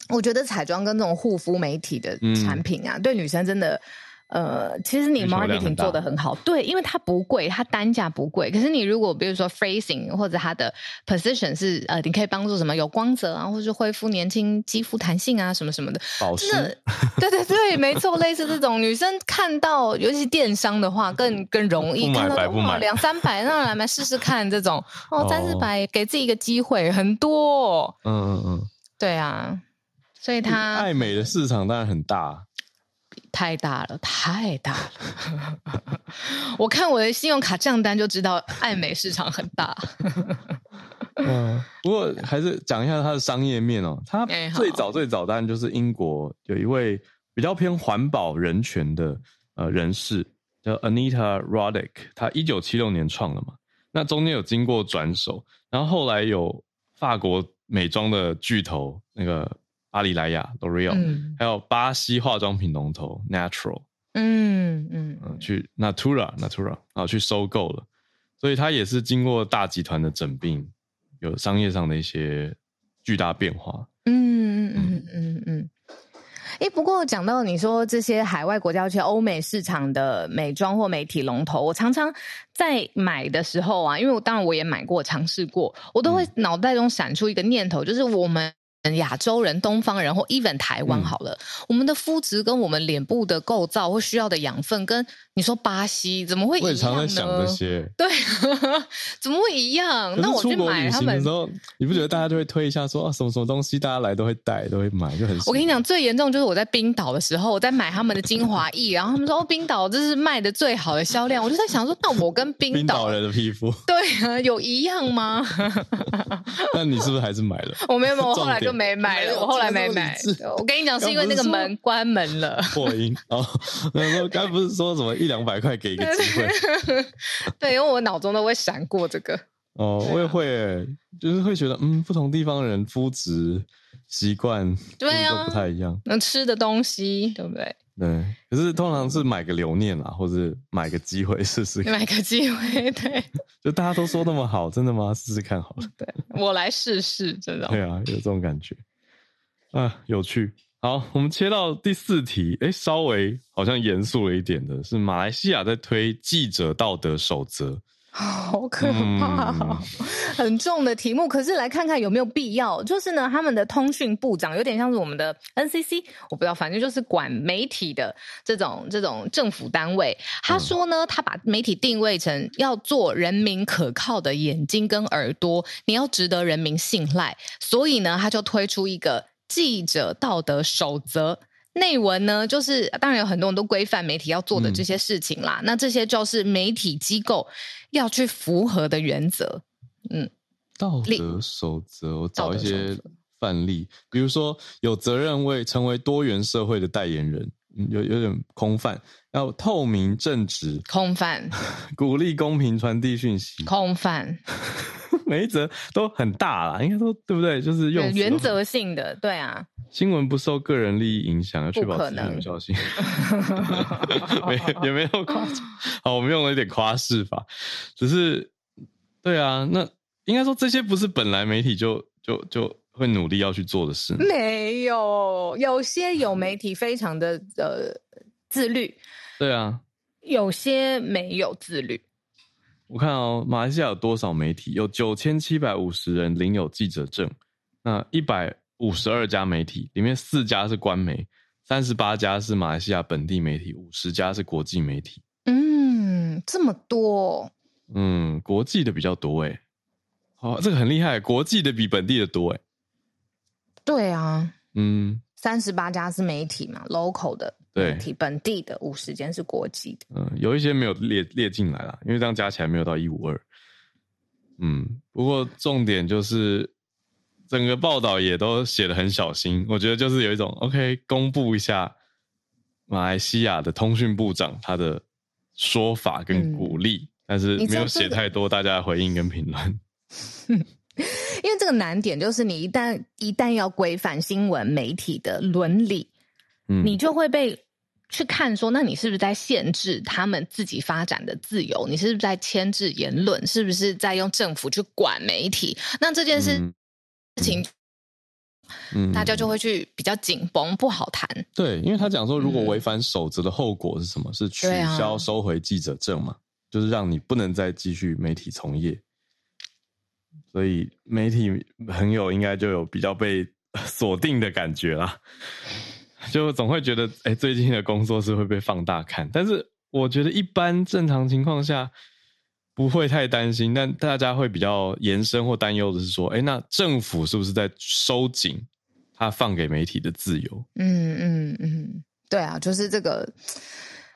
我覺得彩妝跟這種護膚媒體的產品啊，嗯、對女生真的。呃，其實你 marketing 做得很好，對，因為它不貴，它單價不貴。可是你如果比如說 phrasing 或者它的 position 是呃，你可以幫助什麼有光澤啊，或者是恢復年輕肌膚彈性啊，什麼什麼的，保濕那。對對對，濕沒錯， [LAUGHS] 類似這種女生看到，尤其電商的話，更更容易買看到買兩三百，那來，來試試看這種哦，哦三四百，給自己一個機會，很多、哦。嗯嗯嗯，對啊，所以它愛美的市場當然很大。太大了，太大了！ [LAUGHS] 我看我的信用卡賬單就知道，愛美市場很大。 [LAUGHS] 嗯，不過還是講一下它的商業面哦。它最早最早當然就是英國有一位比較偏環保、人權的呃人士叫 Anita Roddick，他一九七六年創了嘛。那中間有經過轉手，然後後來有法國美妝的巨頭那個。巴黎萊雅、L'Oreal、嗯、還有巴西化妝品龍頭 Natural，嗯嗯，嗯、去 Natura、Natura 後 Nat、啊、去收購了，所以它也是經過大集團的整併，有商業上的一些巨大變化。嗯嗯嗯嗯嗯誒，哎、欸，不過講到你說這些海外國家，去歐美市場的美妝或媒體龍頭，我常常在買的時候啊，因為我當然我也買過、嘗試過，我都會腦袋中閃出一個念頭，嗯、就是我們。亞洲人、東方人，或 even 台灣好了，嗯、我們的膚質跟我們臉部的構造或需要的養分，跟你說巴西怎麼會一樣呢？我也常常想這些。對、啊，怎麼會一樣？那我就買他們的時候，們你不覺得大家就會推一下說啊，什麼什麼東西，大家來都會帶，都會買，就很……我跟你講，最嚴重就是我在冰島的時候，我在買他們的精華液， [LAUGHS] 然後他們說哦，冰島這是賣的最好的銷量，我就在想說，那我跟冰島人的皮膚對啊，有一樣嗎？ [LAUGHS] [LAUGHS] 那你是不是還是買了？我沒有，我後來就。沒買了，我後來沒買。我跟你講，是因為那個門關門了。破音哦，那剛不是說什麼一兩百塊給一個機會？對，對，對，對，因為我腦中都會閃過這個。哦，我也會、欸，就是會覺得，嗯，不同地方人膚質。習慣對呀、啊，都不太一樣。能吃的東西，對不對？對，可是通常是買個留念啦、啊、或是買個機會試試看。買個機會，對。 [LAUGHS] 就大家都說那麼好，真的嗎？試試看好了。對，我來試試真的 [LAUGHS] 對啊，有這種感覺啊，有趣。好，我們切到第四題，哎，稍微好像嚴肅了一點的是，馬來西亞在推記者道德守則。好可怕哦，很重的題目。可是來看看有沒有必要？就是呢，他們的通訊部長有點像是我們的 NCC，我不知道，反正就是管媒體的這種這種政府單位。他說呢，他把媒體定位成要做人民可靠的眼睛跟耳朵，你要值得人民信賴，所以呢，他就推出一個記者道德守則。內文呢，就是當然有很多人都規範媒體要做的這些事情啦。嗯、那這些就是媒體機構要去符合的原則。嗯，道德守則，理我找一些範例，比如說有責任為成為多元社會的代言人，有有點空泛。要透明正直，空泛； [LAUGHS] 鼓勵公平傳遞訊息，空泛。每一則都很大了，應該說對不對？就是用原則性的，對啊。新聞不受個人利益影響，要確保自己有效性，沒可 [LAUGHS] [LAUGHS] 也沒有誇張。 [LAUGHS] 好，我們用了一點誇飾法，只是對啊，那應該說這些不是本來媒體就就就會努力要去做的事？沒有，有些有媒體非常的呃自律，對啊，有些沒有自律。我看哦，馬來西亞有多少媒體？有九千七百五十人領有記者證。那一百五十二家媒體裡面，四家是官媒，三十八家是馬來西亞本地媒體，五十家是國際媒體。嗯，這麼多哦。嗯，國際的比較多誒。哦，這個很厲害，國際的比本地的多誒。對啊。嗯。三十八家是媒體嘛，local 的。對，本地的五十間是國際的，嗯，有一些沒有列列進來了，因為這樣加起來沒有到一五二，嗯，不過重點就是整個報道也都寫的很小心，我覺得就是有一種 OK，公布一下馬來西亞的通訊部長他的說法跟鼓勵，嗯、但是沒有寫太多大家的回應跟評論，嗯、 [LAUGHS] 因為這個難點就是你一旦一旦要規範新聞媒體的倫理，嗯，你就會被。去看說，那你是不是在限制他們自己發展的自由？你是不是在牽制言論？是不是在用政府去管媒體？那這件事情，嗯嗯、大家就會去比較緊繃，不好談。對，因為他講說，如果違反守則的後果是什麼？嗯、是取消收回記者證嘛？啊、就是讓你不能再繼續媒體從業。所以媒體朋友應該就有比較被鎖定的感覺啦。就總會覺得，哎、欸，最近的工作是會被放大看。但是我覺得一般正常情況下不會太擔心，但大家會比較延伸或擔憂的是說，哎、欸，那政府是不是在收緊他放給媒體的自由？嗯嗯嗯，對啊，就是這個，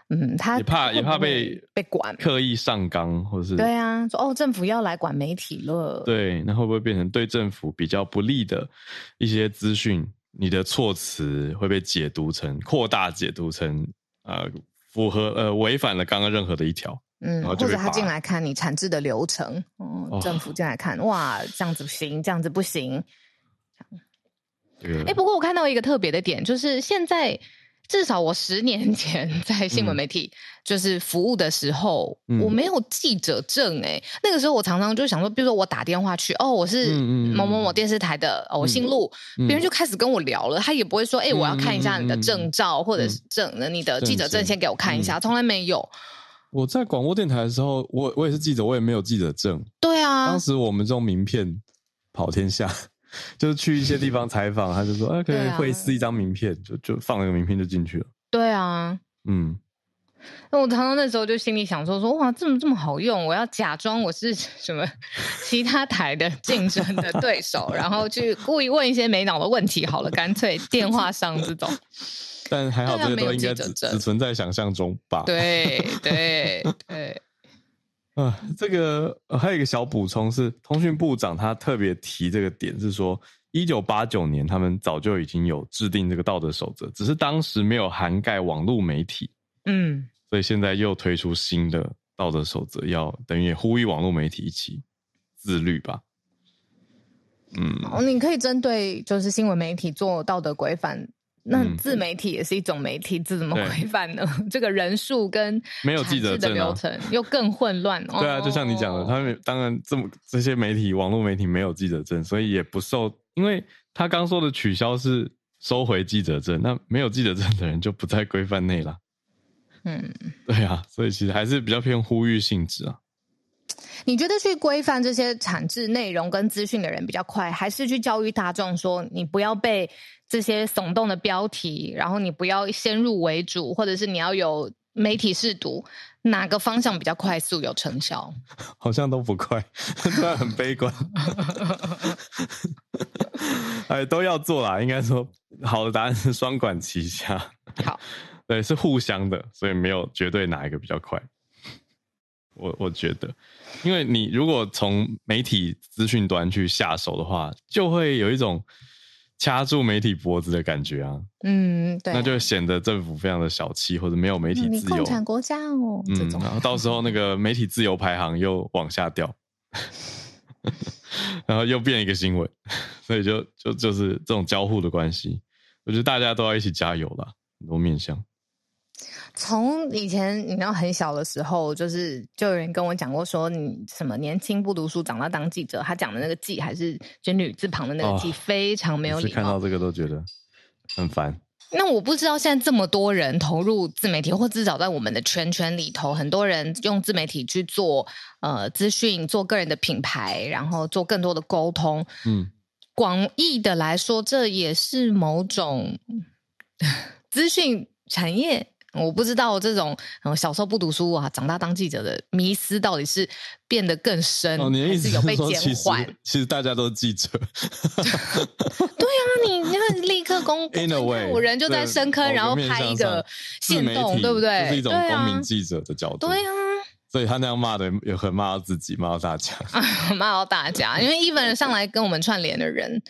嗯，他也怕他會不會被，也怕被被管，刻意上綱，或者是對啊，說哦，政府要來管媒體了。對，那會不會變成對政府比較不利的一些資訊？你的措辭會被解讀成擴大解讀成呃符合呃違反了剛剛任何的一條，嗯，就或者他進來看你產製的流程，嗯、哦，哦、政府進來看，哇，這樣子不行，這樣子不行。哎了，不過我看到一個特別的點，就是現在。至少我十年前在新聞媒體、嗯、就是服務的時候，嗯、我沒有記者證哎、欸。那個時候我常常就想說，比如說我打電話去，哦，我是某某某電視台的，嗯哦、我姓陸，別、嗯、人就開始跟我聊了，他也不會說，哎、欸，我要看一下你的證照或者是證，嗯嗯、你的記者證先給我看一下，從、嗯、來沒有。我在廣播電台的時候，我我也是記者，我也沒有記者證。對啊，當時我們這種名片跑天下。就是去一些地方採訪， [LAUGHS] 他就說、欸，可以會撕一張名片，啊、就，就放了個名片就進去了。對啊，嗯，那我常常那時候就心裡想說，說，說哇，這麼這麼好用？我要假裝我是什麼其他台的競爭的對手， [LAUGHS] 然後去故意問一些沒腦的問題。好了，乾脆電話上這種。 [LAUGHS] 但還好這些都應該只，只存在想象中吧？對對 [LAUGHS] 對。對對啊，這個還有一個小補充是，通訊部長他特別提這個點是說，一九八九年他們早就已經有制定這個道德守則，只是當時沒有涵蓋網絡媒體，嗯，所以現在又推出新的道德守則，要等於呼籲網絡媒體一起自律吧。嗯，你可以針對就是新聞媒體做道德規範。那自媒體也是一種媒體，嗯、這怎麼規範呢？對 [LAUGHS] 這個人數跟沒有記者證的流程又更混亂。哦、啊。 [LAUGHS] 對啊，就像你講的，他們當然這麼這些媒體，網絡媒體沒有記者證，所以也不受。因為他剛說的取消是收回記者證，那沒有記者證的人就不在規範內了。嗯，對啊，所以其實還是比較偏呼籲性質啊。你覺得去規範這些產製內容跟資訊的人比較快，還是去教育大眾說，你不要被這些聳動的標題，然後你不要先入為主，或者是你要有媒體識讀，哪個方向比較快速有成效？好像都不快，但很悲觀。 [LAUGHS] 哎，都要做啦，應該說好的答案是雙管齊下。好，對，是互相的，所以沒有絕對哪一個比較快。我我覺得，因為你如果從媒體資訊端去下手的話，就會有一種掐住媒體脖子的感覺啊。嗯，對，那就顯得政府非常的小氣，或者沒有媒體自由。嗯，你共產國家哦，嗯，然後到時候那個媒體自由排行又往下掉， [LAUGHS] [LAUGHS] 然後又變一個新聞，所以就就就是這種交互的關係。我覺得大家都要一起加油啦，很多面向。從以前你知道很小的時候，就是就有人跟我講過說，你什麼年輕不讀書，長大當記者。他講的那個“記”還是就女字旁的那個“記”，哦、非常沒有禮貌。你看到這個都覺得很煩。那我不知道現在這麼多人投入自媒體，或至少在我們的圈圈裡頭，很多人用自媒體去做呃資訊，做個人的品牌，然後做更多的溝通。嗯，廣義的來說，這也是某種資訊產業。嗯、我不知道這種、嗯、小時候不讀書啊，長大當記者的迷思到底是變得更深，還是有被減壞其,其實大家都記者， [LAUGHS] [LAUGHS] 對啊，你你立刻公，我 a 人就在深坑，對然後拍一個陷洞，對不對？是一種公民記者的角度，對啊，所以他那樣罵的，也很罵到自己，罵到大家， [LAUGHS] [LAUGHS] 罵到大家，因為一 e n 上來跟我們串聯的人，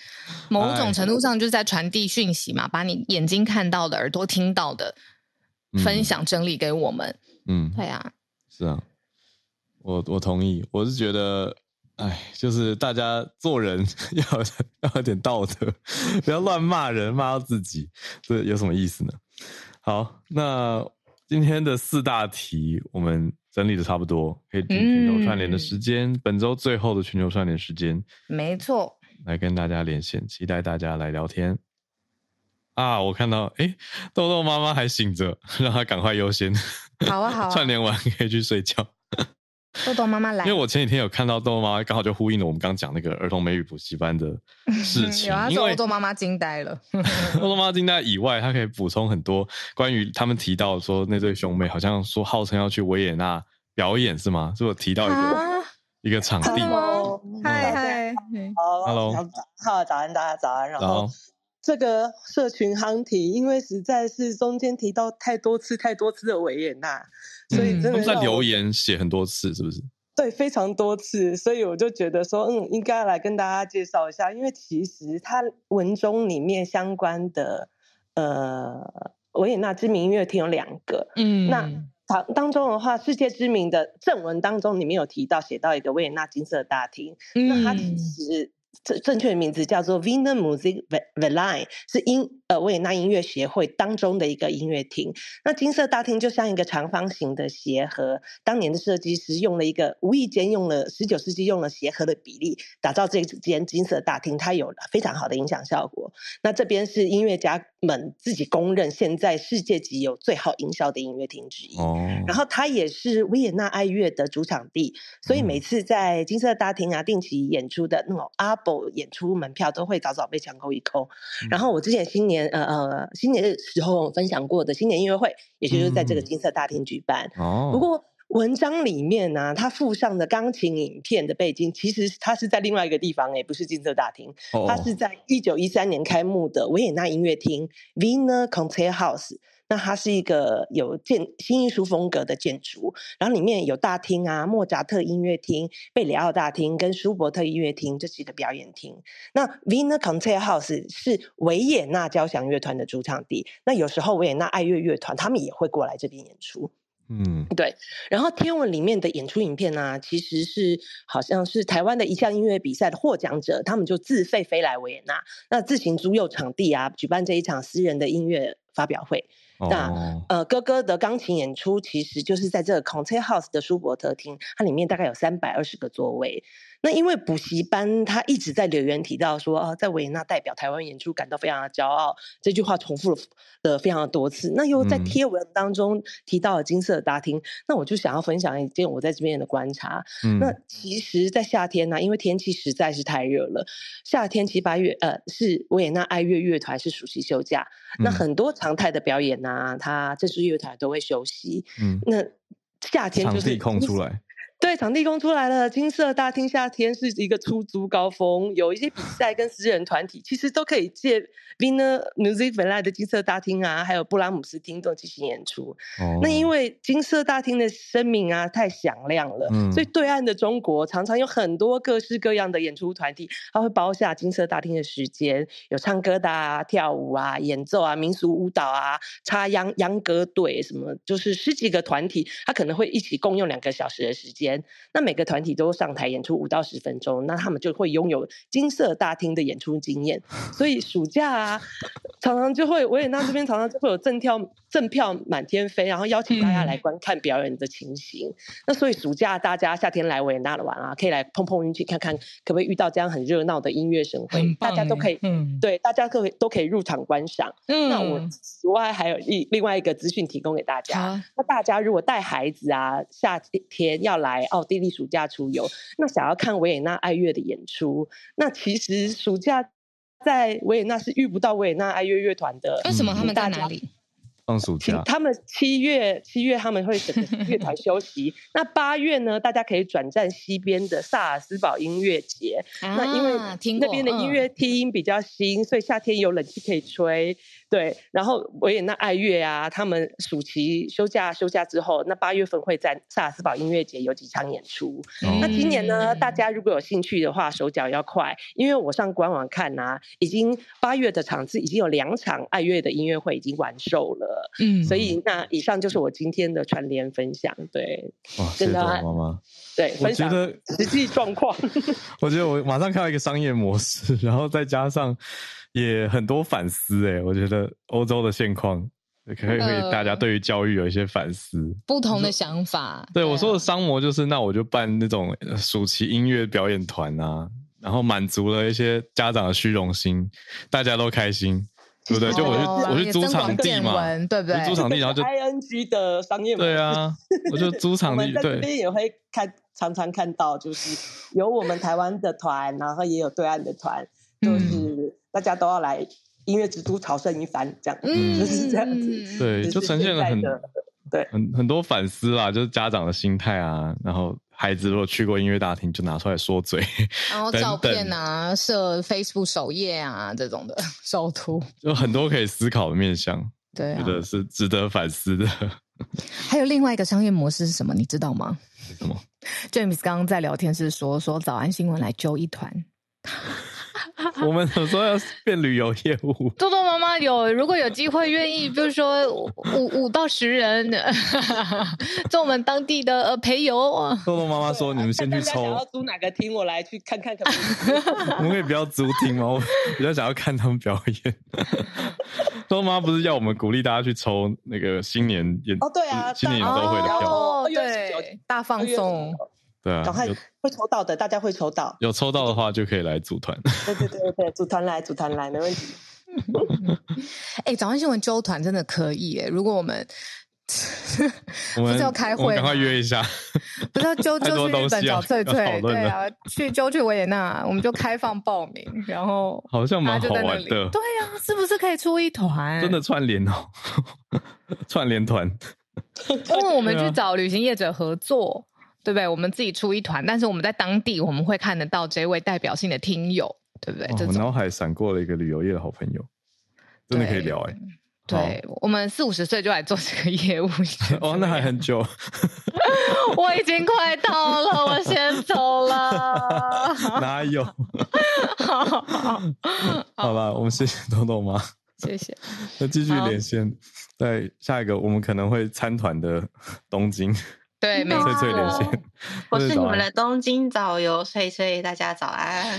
某種程度上就是在傳遞訊息嘛，唉把你眼睛看到的，耳朵聽到的。嗯、分享整理給我們，嗯，對啊，是啊，我我同意，我是覺得，哎，就是大家做人要要有點道德，不要亂罵人， [LAUGHS] 罵到自己，這有什麼意思呢？好，那今天的四大題我們整理得差不多，可以進入串聯的時間，嗯、本周最後的全球串聯時間，沒錯，來跟大家連線，期待大家來聊天。啊！我看到，哎，豆豆媽媽還醒着，讓她趕快優先。好啊，好啊，好，串聯完可以去睡覺。豆豆媽媽來，因為我前幾天有看到豆豆媽，媽，剛好就呼應了我們剛講那個兒童美語補習班的事情。因為豆豆媽媽驚呆了，為豆豆媽媽驚呆以外，她可以補充很多關於他們提到說那對兄妹好像說號稱要去維也納表演是嗎？是我提到一個，哈一個一個場地？Hello，嗨嗨，Hello，好，早安大家，早安，然後。然後這個社群行體，因為實在是中間提到太多次，太多次的維也納，嗯、所以真的、嗯、都在留言寫很多次，是不是？對，非常多次，所以我就覺得說，嗯，應該要來跟大家介紹一下，因為其實它文中裡面相關的呃維也納知名音樂廳有兩個，嗯，那當當中的話，世界知名的正文當中，裡面有提到寫到一個維也納金色的大廳，嗯、那它其實，正正確的名字叫做 Wiener Musikverein，是音呃維也納音樂協會當中的一個音樂廳。那金色大廳就像一個長方形的鞋盒。當年的設計師用了一個無意間用了十九世紀用了鞋盒的比例打造這間金色大廳，它有了非常好的音響效果。那這邊是音樂家們自己公認現在世界級有最好營銷的音樂廳之一，Oh. 然後它也是維也納愛樂的主場地，所以每次在金色大廳啊、嗯、定期演出的那種阿寶演出門票都會早早被搶購一空。嗯、然後我之前新年呃呃新年的時候分享過的新年音樂會，也就是在這個金色大廳舉辦哦。嗯 Oh. 不過。文章裡面呢、啊，他附上的鋼琴影片的背景，其實他是在另外一個地方誒，也不是金色大廳，他、oh. 是在一九一三年開幕的維也納音樂廳 Vienna Concert House。那它是一個有建新藝術風格的建築，然後裡面有大廳啊、莫扎特音樂廳、貝里奧大廳跟舒伯特音樂廳這幾個表演廳。那 Vienna Concert House 是維也納交響樂團的主場地，那有時候維也納愛樂樂團他們也會過來這邊演出。.嗯，對。然後天文裡面的演出影片呢、啊，其實是好像是台灣的一項音樂比賽的獲獎者，他們就自費飛，飛來維也納，那自行租用場地啊，舉辦這一場私人的音樂發表會。哦、那呃，哥哥的鋼琴演出其實就是在這個 Concert House 的舒伯特廳，它裡面大概有三百二十個座位。那因為補習班，他一直在留言提到說啊，在維也納代表台灣演出，感到非常的驕傲。這句話重複了的非常的多次。那又在貼文當中提到了金色的大廳。嗯、那我就想要分享一件我在這邊的觀察。嗯、那其實，在夏天呢、啊，因為天氣實在是太熱了，夏天七八月呃，是維也納愛樂樂團是暑期休假。嗯、那很多常態的表演呢、啊，他這支樂團都會休息。嗯。那夏天就是可以空出來。對，場地空出來了，金色大廳夏天是一個出租高峰，有一些比賽跟私人團體其實都可以借 Vienna Music Hall 的金色大廳啊，還有布拉姆斯廳都進行演出。哦、那因為金色大廳的聲名啊太響亮了，嗯、所以對岸的中國常常有很多各式各樣的演出團體，他會包下金色大廳的時間，有唱歌的、啊，跳舞啊、演奏啊、民俗舞蹈啊、插秧秧歌隊什麼，就是十幾個團體，他可能會一起共用兩個小時的時間。那每個團體都上台演出五到十分鐘，那他們就會擁有金色大廳的演出經驗。所以暑假啊，常常就會維也納這邊常常就會有贈票贈 [LAUGHS] 票滿天飛，然後邀請大家來觀看表演的情形。嗯、那所以暑假大家夏天來維也納玩啊，可以來碰碰運氣，看看可不可以遇到這樣很熱鬧的音樂盛會，大家都可以，嗯，對，大家可都可以入場觀賞。嗯，那我此外還有一另外一個資訊提供給大家。啊、那大家如果帶孩子啊，夏天要來。奧地利暑假出遊，那想要看維也納愛樂的演出，那其實暑假在維也納是遇不到維也納愛樂樂團的、嗯。家為什麼他們在哪裡？他們七月七月，他們會整個樂團休息。 [LAUGHS] 那八月呢，大家可以轉戰西邊的薩爾斯堡音樂節。啊、那因為那邊的音樂廳比較新，嗯、所以夏天有冷氣可以吹。對，然後維也納愛樂啊，他們暑期休假休假之後，那八月份會在薩爾斯堡音樂節有幾場演出。嗯、那今年呢，大家如果有興趣的話，手腳要快，因為我上官網看啊，已經八月的場次已經有兩場愛樂的音樂會已經完售了。嗯，所以那以上就是我今天的串聯分享，對，哇，真的，對，我覺得。實際狀況，我覺得我馬上看到一個商業模式， [LAUGHS] 然後再加上也很多反思，誒，我覺得歐洲的現況、嗯、可以給大家對於教育有一些反思，不同的想法。就對、啊、我說的商模就是，那我就辦那種暑期音樂表演團啊，然後滿足了一些家長的虛榮心，大家都開心。對不對？就我去、哦啊、我去租場地嘛，對不對？我去租場地，然後就 I N G 的商業。對啊，我就租場地對。 [LAUGHS] 我們在這邊也會看， [LAUGHS] 常常看到就是有我們台灣的團， [LAUGHS] 然後也有對岸的團，就是大家都要來音樂之都朝聖一番，這樣，嗯、就是這樣子。對、嗯，就呈現了很對很很多反思啦，就是家長的心態啊，然後。孩子如果去過音樂大廳，就拿出來說嘴，然後照片啊，等等設 Facebook 首頁啊，這種的首圖，有很多可以思考的面向。對啊，覺得是值得反思的。還有另外一個商業模式是什麼？你知道嗎？什麼？James 剛剛在聊天是說，說早安新聞來揪一團。 [LAUGHS] [LAUGHS] 我們說要變旅遊業務，多多媽媽有如果有機會願意，比如說五五到十人， [LAUGHS] 做我們當地的、呃、陪遊。多多媽媽說：“啊、你們先去抽，想要租哪個廳，我來去看看可不可以。” [LAUGHS] 可以不要租廳嗎？我比較想要看他們表演。多多 [LAUGHS] 媽媽不是要我們鼓勵大家去抽那個新年演哦，對啊，新年演奏會的票，哦、對,對，大放鬆。啊越趕快會抽到的，大家會抽到。有抽到的話，就可以來組團。對對對，組團來，組團來，沒問題。哎，早安新聞揪團真的可以欸，如果我們就是要開會，趕快約一下。不是要揪揪去日本找翠翠，對對對啊，去揪去維也納，我們就開放報名。然後好像就在那的，對呀，是不是可以出一團？真的串聯哦，串聯團。因為我們去找旅行業者合作。對不對？我們自己出一團，但是我們在當地，我們會看得到這位代表性的聽友，對不對？我腦海閃過了一個旅遊業的好朋友，真的可以聊哎。對，我們四五十歲就來做這個業務哦，那還很久。我已經快到了，我先走了。哪有？好好，好吧，我們謝謝東東媽。謝謝。那繼續連線，在下一個我們可能會參團的東京。對，沒錯，啊、我是你們的東京早游翠翠，大家早安。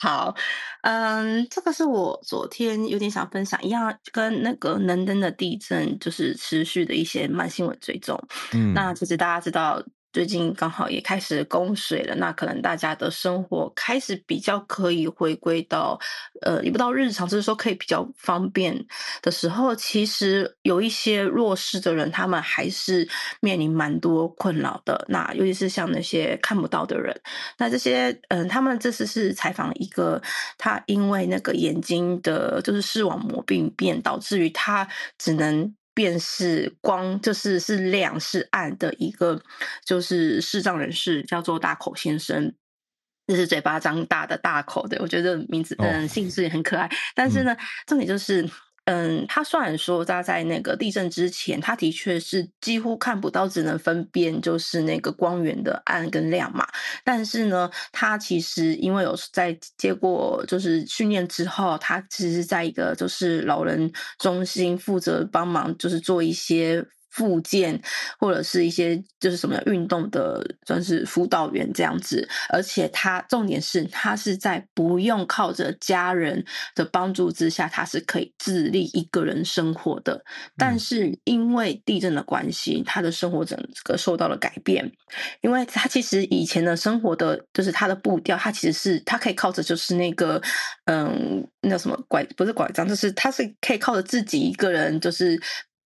好， [LAUGHS] 好，嗯，這個是我昨天有點想分享一樣，跟那個能登的地震就是持續的一些慢新聞追蹤。嗯，那其實大家知道。最近剛好也開始供水了，那可能大家的生活開始比較可以回歸到，呃，也不到日常，就是說可以比較方便的時候，其實有一些弱勢的人，他們還是面臨蠻多困擾的。那尤其是像那些看不到的人，那這些，嗯、呃，他們這次是採訪一個，他因為那個眼睛的，就是視網膜病變，導致於他只能。便是光，就是是亮是暗的一個，就是視障人士叫做大口先生，就是嘴巴張大的大口。對，我覺得名字嗯，姓氏也很可愛，哦、但是呢，重點就是。嗯嗯，他雖然說他在那個地震之前，他的確是幾乎看不到，只能分辨就是那個光源的暗跟亮嘛。但是呢，他其實因為有在接過就是訓練之後，他其實在一個就是老人中心負責幫忙，就是做一些。復健，或者是一些就是什麼運動的，算是輔導員這樣子。而且他重點是，他是在不用靠着家人的幫助之下，他是可以自立一個人生活的。但是因為地震的關係，他的生活整個受到了改變。因為他其實以前的生活的，就是他的步調，他其實是他可以靠着就是那個嗯那什麼拐，不是拐杖，就是他是可以靠着自己一個人就是。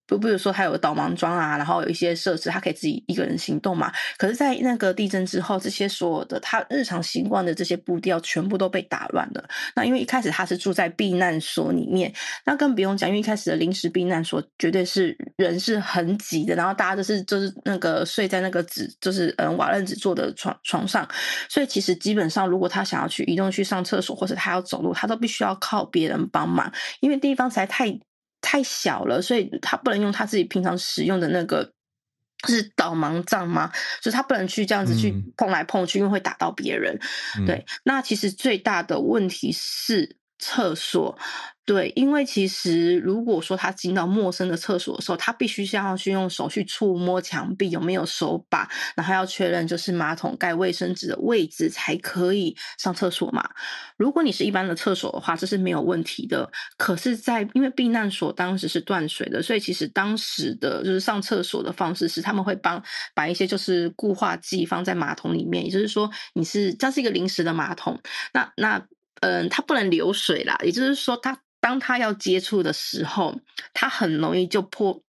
不，比如說他有導盲杖啊，然後有一些設施，他可以自己一個人行動嘛。可是，在那個地震之後，這些所有的他日常習慣的這些步調全部都被打亂了。那因為一開始他是住在避難所裡面，那更不用講，因為一開始的臨時避難所絕對是人是很擠的，然後大家都是就是那個睡在那個紙，就是嗯瓦楞紙做的床床上，所以其實基本上，如果他想要去移動去上廁所，或者他要走路，他都必須要靠別人幫忙，因為地方實在太。太小了，所以他不能用他自己平常使用的那個，是導盲杖嗎？就是、他不能去這樣子去碰來碰去，嗯、因為會打到別人。對，嗯、那其實最大的問題是。廁所，對，因為其實如果說他進到陌生的廁所的時候，他必須先要去用手去觸摸牆壁有沒有手把，然後要確認就是馬桶蓋、衛生紙的位置才可以上廁所嘛。如果你是一般的廁所的話，這是沒有問題的。可是，在因為避難所當時是斷水的，所以其實當時的就是上廁所的方式是他們會幫把一些就是固化劑放在馬桶裡面，也就是說你是這是一個臨時的馬桶。那那。嗯，他不能流水啦，也就是說它，他當他要接觸的時候，他很容易就潑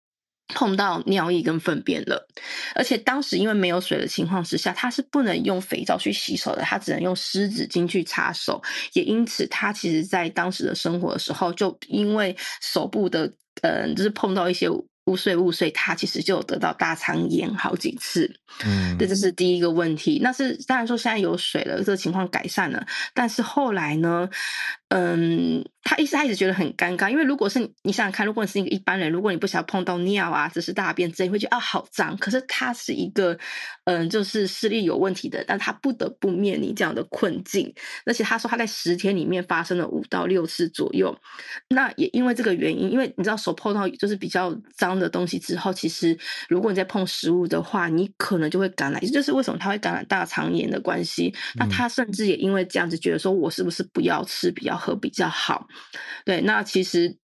碰到尿液跟糞便了。而且當時因為沒有水的情況之下，他是不能用肥皂去洗手的，他只能用濕紙巾去擦手。也因此，他其實，在當時的生活的時候，就因為手部的嗯，就是碰到一些。誤睡誤睡，他其實就有得到大腸炎好幾次，嗯，這這是第一個問題。那是當然說，現在有水了，這個情況改善了。但是後來呢，嗯，他一直他一直覺得很尷尬，因為如果是你想想看，如果你是一個一般人，如果你不想要碰到尿啊，只是大便，這，你會覺得啊好髒。可是他是一個嗯，就是視力有問題的，那他不得不面臨這樣的困境。而且他說他在十天裡面發生了五到六次左右。那也因為這個原因，因為你知道手碰到就是比較髒。的東西之後，其實如果你再碰食物的話，你可能就會感染，這就是為什麼它會感染大腸炎的關係。那它甚至也因為這樣子覺得，說我是不是不要吃、不要喝比較好？對，那其實，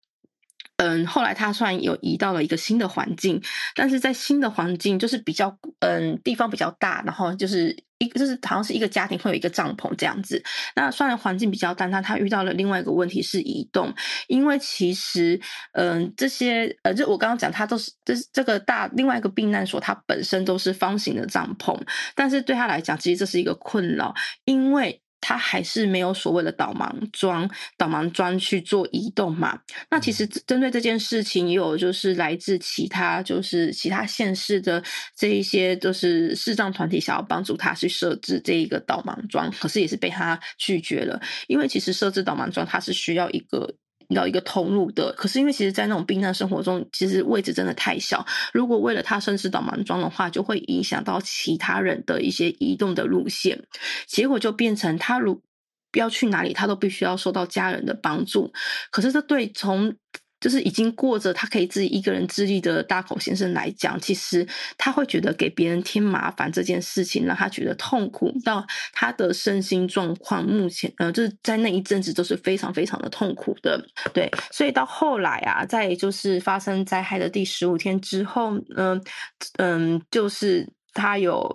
嗯，後來他算有移到了一個新的環境，但是在新的環境就是比較嗯地方比較大，然後就是。一個就是好像是一個家庭會有一個帳篷這樣子，那雖然環境比較單單，但他遇到了另外一個問題是移動，因為其實嗯、呃、這些呃就我剛剛講，他都是這、就是、這個大另外一個避難所，它本身都是方形的帳篷，但是對他來講，其實這是一個困擾，因為。他還是沒有所謂的導盲磚，導盲磚去做移動嘛。那其實針對這件事情，也有就是來自其他就是其他縣市的這一些就是視障團體，想要幫助他去設置這一個導盲磚，可是也是被他拒絕了，因為其實設置導盲磚它是需要一個。到一個通路的。可是因為其實，在那種避難生活中，其實位置真的太小。如果為了他甚至導盲杖的話，就會影響到其他人的一些移動的路線，結果就變成他如要去哪裡，他都必須要受到家人的幫助。可是這對從，就是已經過着他可以自己一個人自立的大口先生來講，其實他會覺得給別人添麻煩這件事情讓他覺得痛苦，到他的身心狀況目前，呃，就是在那一陣子都是非常非常的痛苦的。對，所以到後來啊，在就是發生災害的第十五天之後呢，嗯、嗯，就是他有。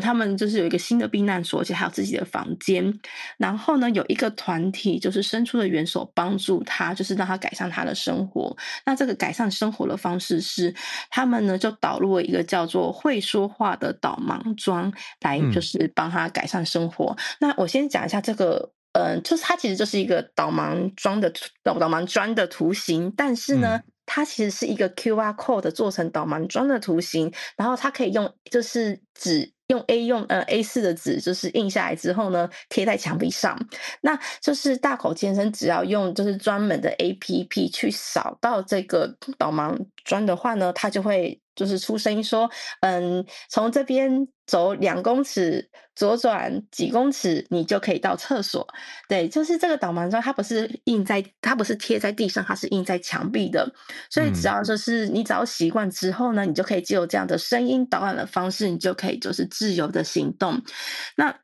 他們就是有一個新的避難所，而且還有自己的房間。然後呢，有一個團體就是伸出的援手幫助他，就是讓他改善他的生活。那這個改善生活的方式是，他們呢就導入了一個叫做會說話的導盲磚來就是幫他改善生活。嗯、那我先講一下這個，嗯、呃，就是它其實就是一個導盲磚的導導盲磚的圖形，但是呢，嗯、它其實是一個 QR code 做成導盲磚的圖形，然後它可以用就是指。用 A 用呃 A4 的紙，就是印下來之後呢，貼在牆壁上。那就是大口健身，只要用就是專門的 APP 去掃到這個導盲磚的話呢，它就會。就是出聲音說，嗯，從這邊走兩公尺，左轉幾公尺，你就可以到廁所。對，就是這個導盲磚，它不是印在，它不是貼在地上，它是印在牆壁的。所以只要就是你只要習慣之後呢，你就可以借由這樣的聲音導覽的方式，你就可以就是自由的行動。那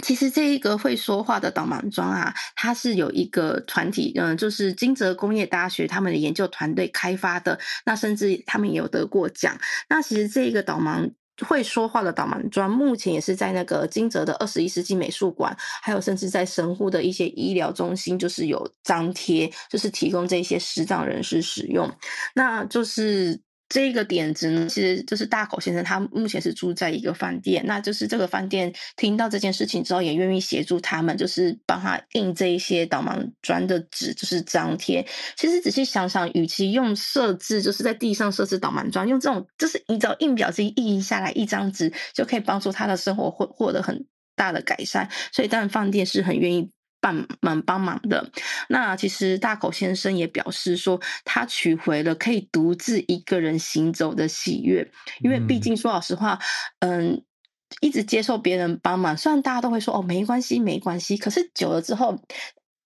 其實這一個會說話的導盲磚啊，它是有一個團體，嗯,就是金澤工業大學他們的研究團隊開發的。那甚至他們也有得過獎。那其實這一個導盲會說話的導盲磚，目前也是在那個金澤的二十一世紀美術館，還有甚至在神戶的一些醫療中心，就是有張貼，就是提供這些視障人士使用。那就是。這個點子呢，其實就是大口先生，他目前是住在一個飯店，那就是這個飯店聽到這件事情之後，也願意協助他們，就是幫他印這一些導盲磚的紙，就是張貼。其實仔細想想，與其用設置，就是在地上設置導盲磚，用這種，就是一張印表機印下來一張紙，就可以幫助他的生活獲獲得很大的改善，所以當然飯店是很願意。幫幫忙的，那其實大口先生也表示說，他取回了可以獨自一個人行走的喜悅，因為畢竟說老實話，嗯，一直接受別人幫忙，雖然大家都會說哦，沒關係，沒關係，可是久了之後。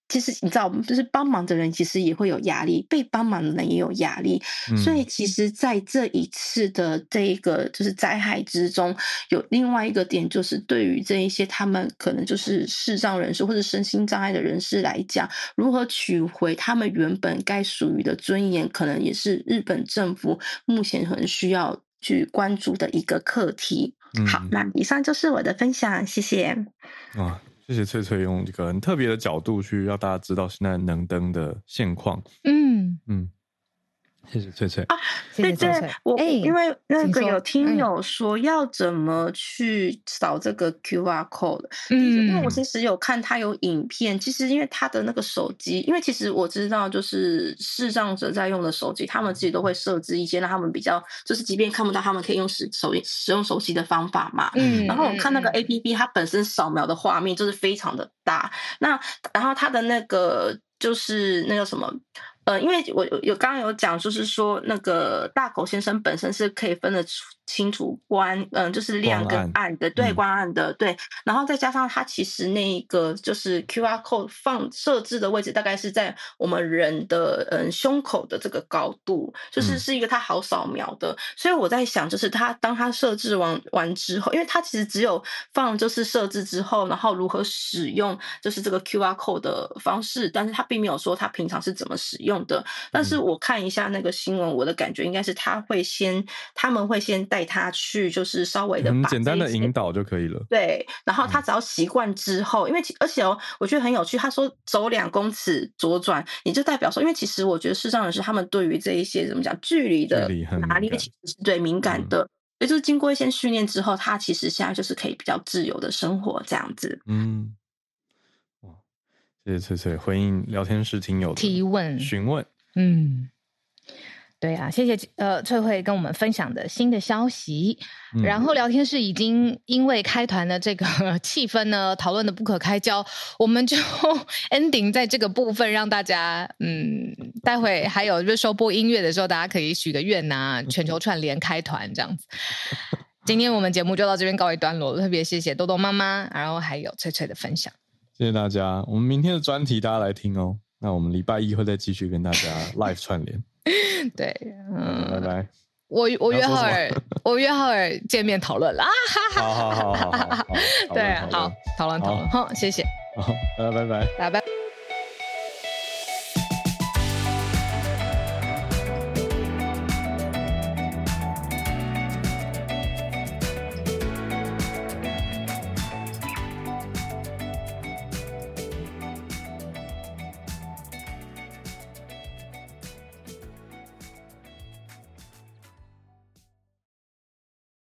其實你知道，就是幫忙的人其實也會有壓力，被幫忙的人也有壓力。嗯、所以，其實在這一次的這一個就是災害之中，有另外一個點，就是對於這一些他們可能就是視障人士或者身心障礙的人士來講，如何取回他們原本該屬於的尊嚴，可能也是日本政府目前很需要去關注的一個課題。嗯、好，那以上就是我的分享，謝謝。啊。謝謝翠翠用一個很特別的角度去讓大家知道現在能登的現況。嗯嗯。嗯謝謝翠翠啊，謝謝翠翠。我、欸、因為那個有聽友說要怎麼去掃這個 QR code，嗯，因為我其實有看他有影片，其實因為他的那個手機，因為其實我知道就是視障者在用的手機，他們自己都會設置一些讓他們比較，就是即便看不到，他們可以用使手使用手機的方法嘛。嗯，然後我看那個 APP，它本身掃描的畫面就是非常的大，那然後它的那個就是那個什麼。呃，因為我有剛剛有剛剛有講，就是說那個大口先生本身是可以分得出。清楚關，嗯，就是亮跟暗的對，光暗的對，然後再加上它，其實那一個就是 Q R code 放設置的位置大概是在我們人的嗯胸口的這個高度，就是是一個它好掃描的，嗯、所以我在想就是它當它設置完完之後，因為它其實只有放就是設置之後，然後如何使用就是這個 Q R code 的方式，但是它並沒有說他平常是怎麼使用的，但是我看一下那個新聞，我的感覺應該是他會先他們會先帶。帶他去，就是稍微的，很簡單的引導就可以了。對，然後他只要習慣之後，嗯、因為而且、喔、我覺得很有趣。他說走兩公尺左轉，也就代表說，因為其實我覺得視障人士他們對於這一些怎麼講距離的距離很哪裡其實是最敏感的。所以、嗯、就是經過一些訓練之後，他其實現在就是可以比較自由的生活這樣子。嗯，哇，謝謝翠翠回應聊天室聽友提問詢問，嗯。對啊，謝謝，呃，翠慧跟我們分享的新的消息，嗯、然後聊天室已經因為開團的這個氣氛呢，討論的不可開交，我們就 ending 在這個部分，讓大家嗯，待會還有就是收播音樂的時候，大家可以許個願吶、啊，全球串聯開團這樣子。今天我們節目就到這邊告一段落了，特別謝謝多多媽媽，然後還有翠翠的分享，謝謝大家。我們明天的專題大家來聽哦，那我們禮拜一會再繼續跟大家 live 串聯。 [LAUGHS] [LAUGHS] 對，嗯，拜拜。我我約浩爾，我約浩爾， [LAUGHS] 爾見面討論了，啊、哈哈哈哈哈對，好討論 [LAUGHS] 討論，對討論好，謝謝，好，拜拜拜拜，拜拜。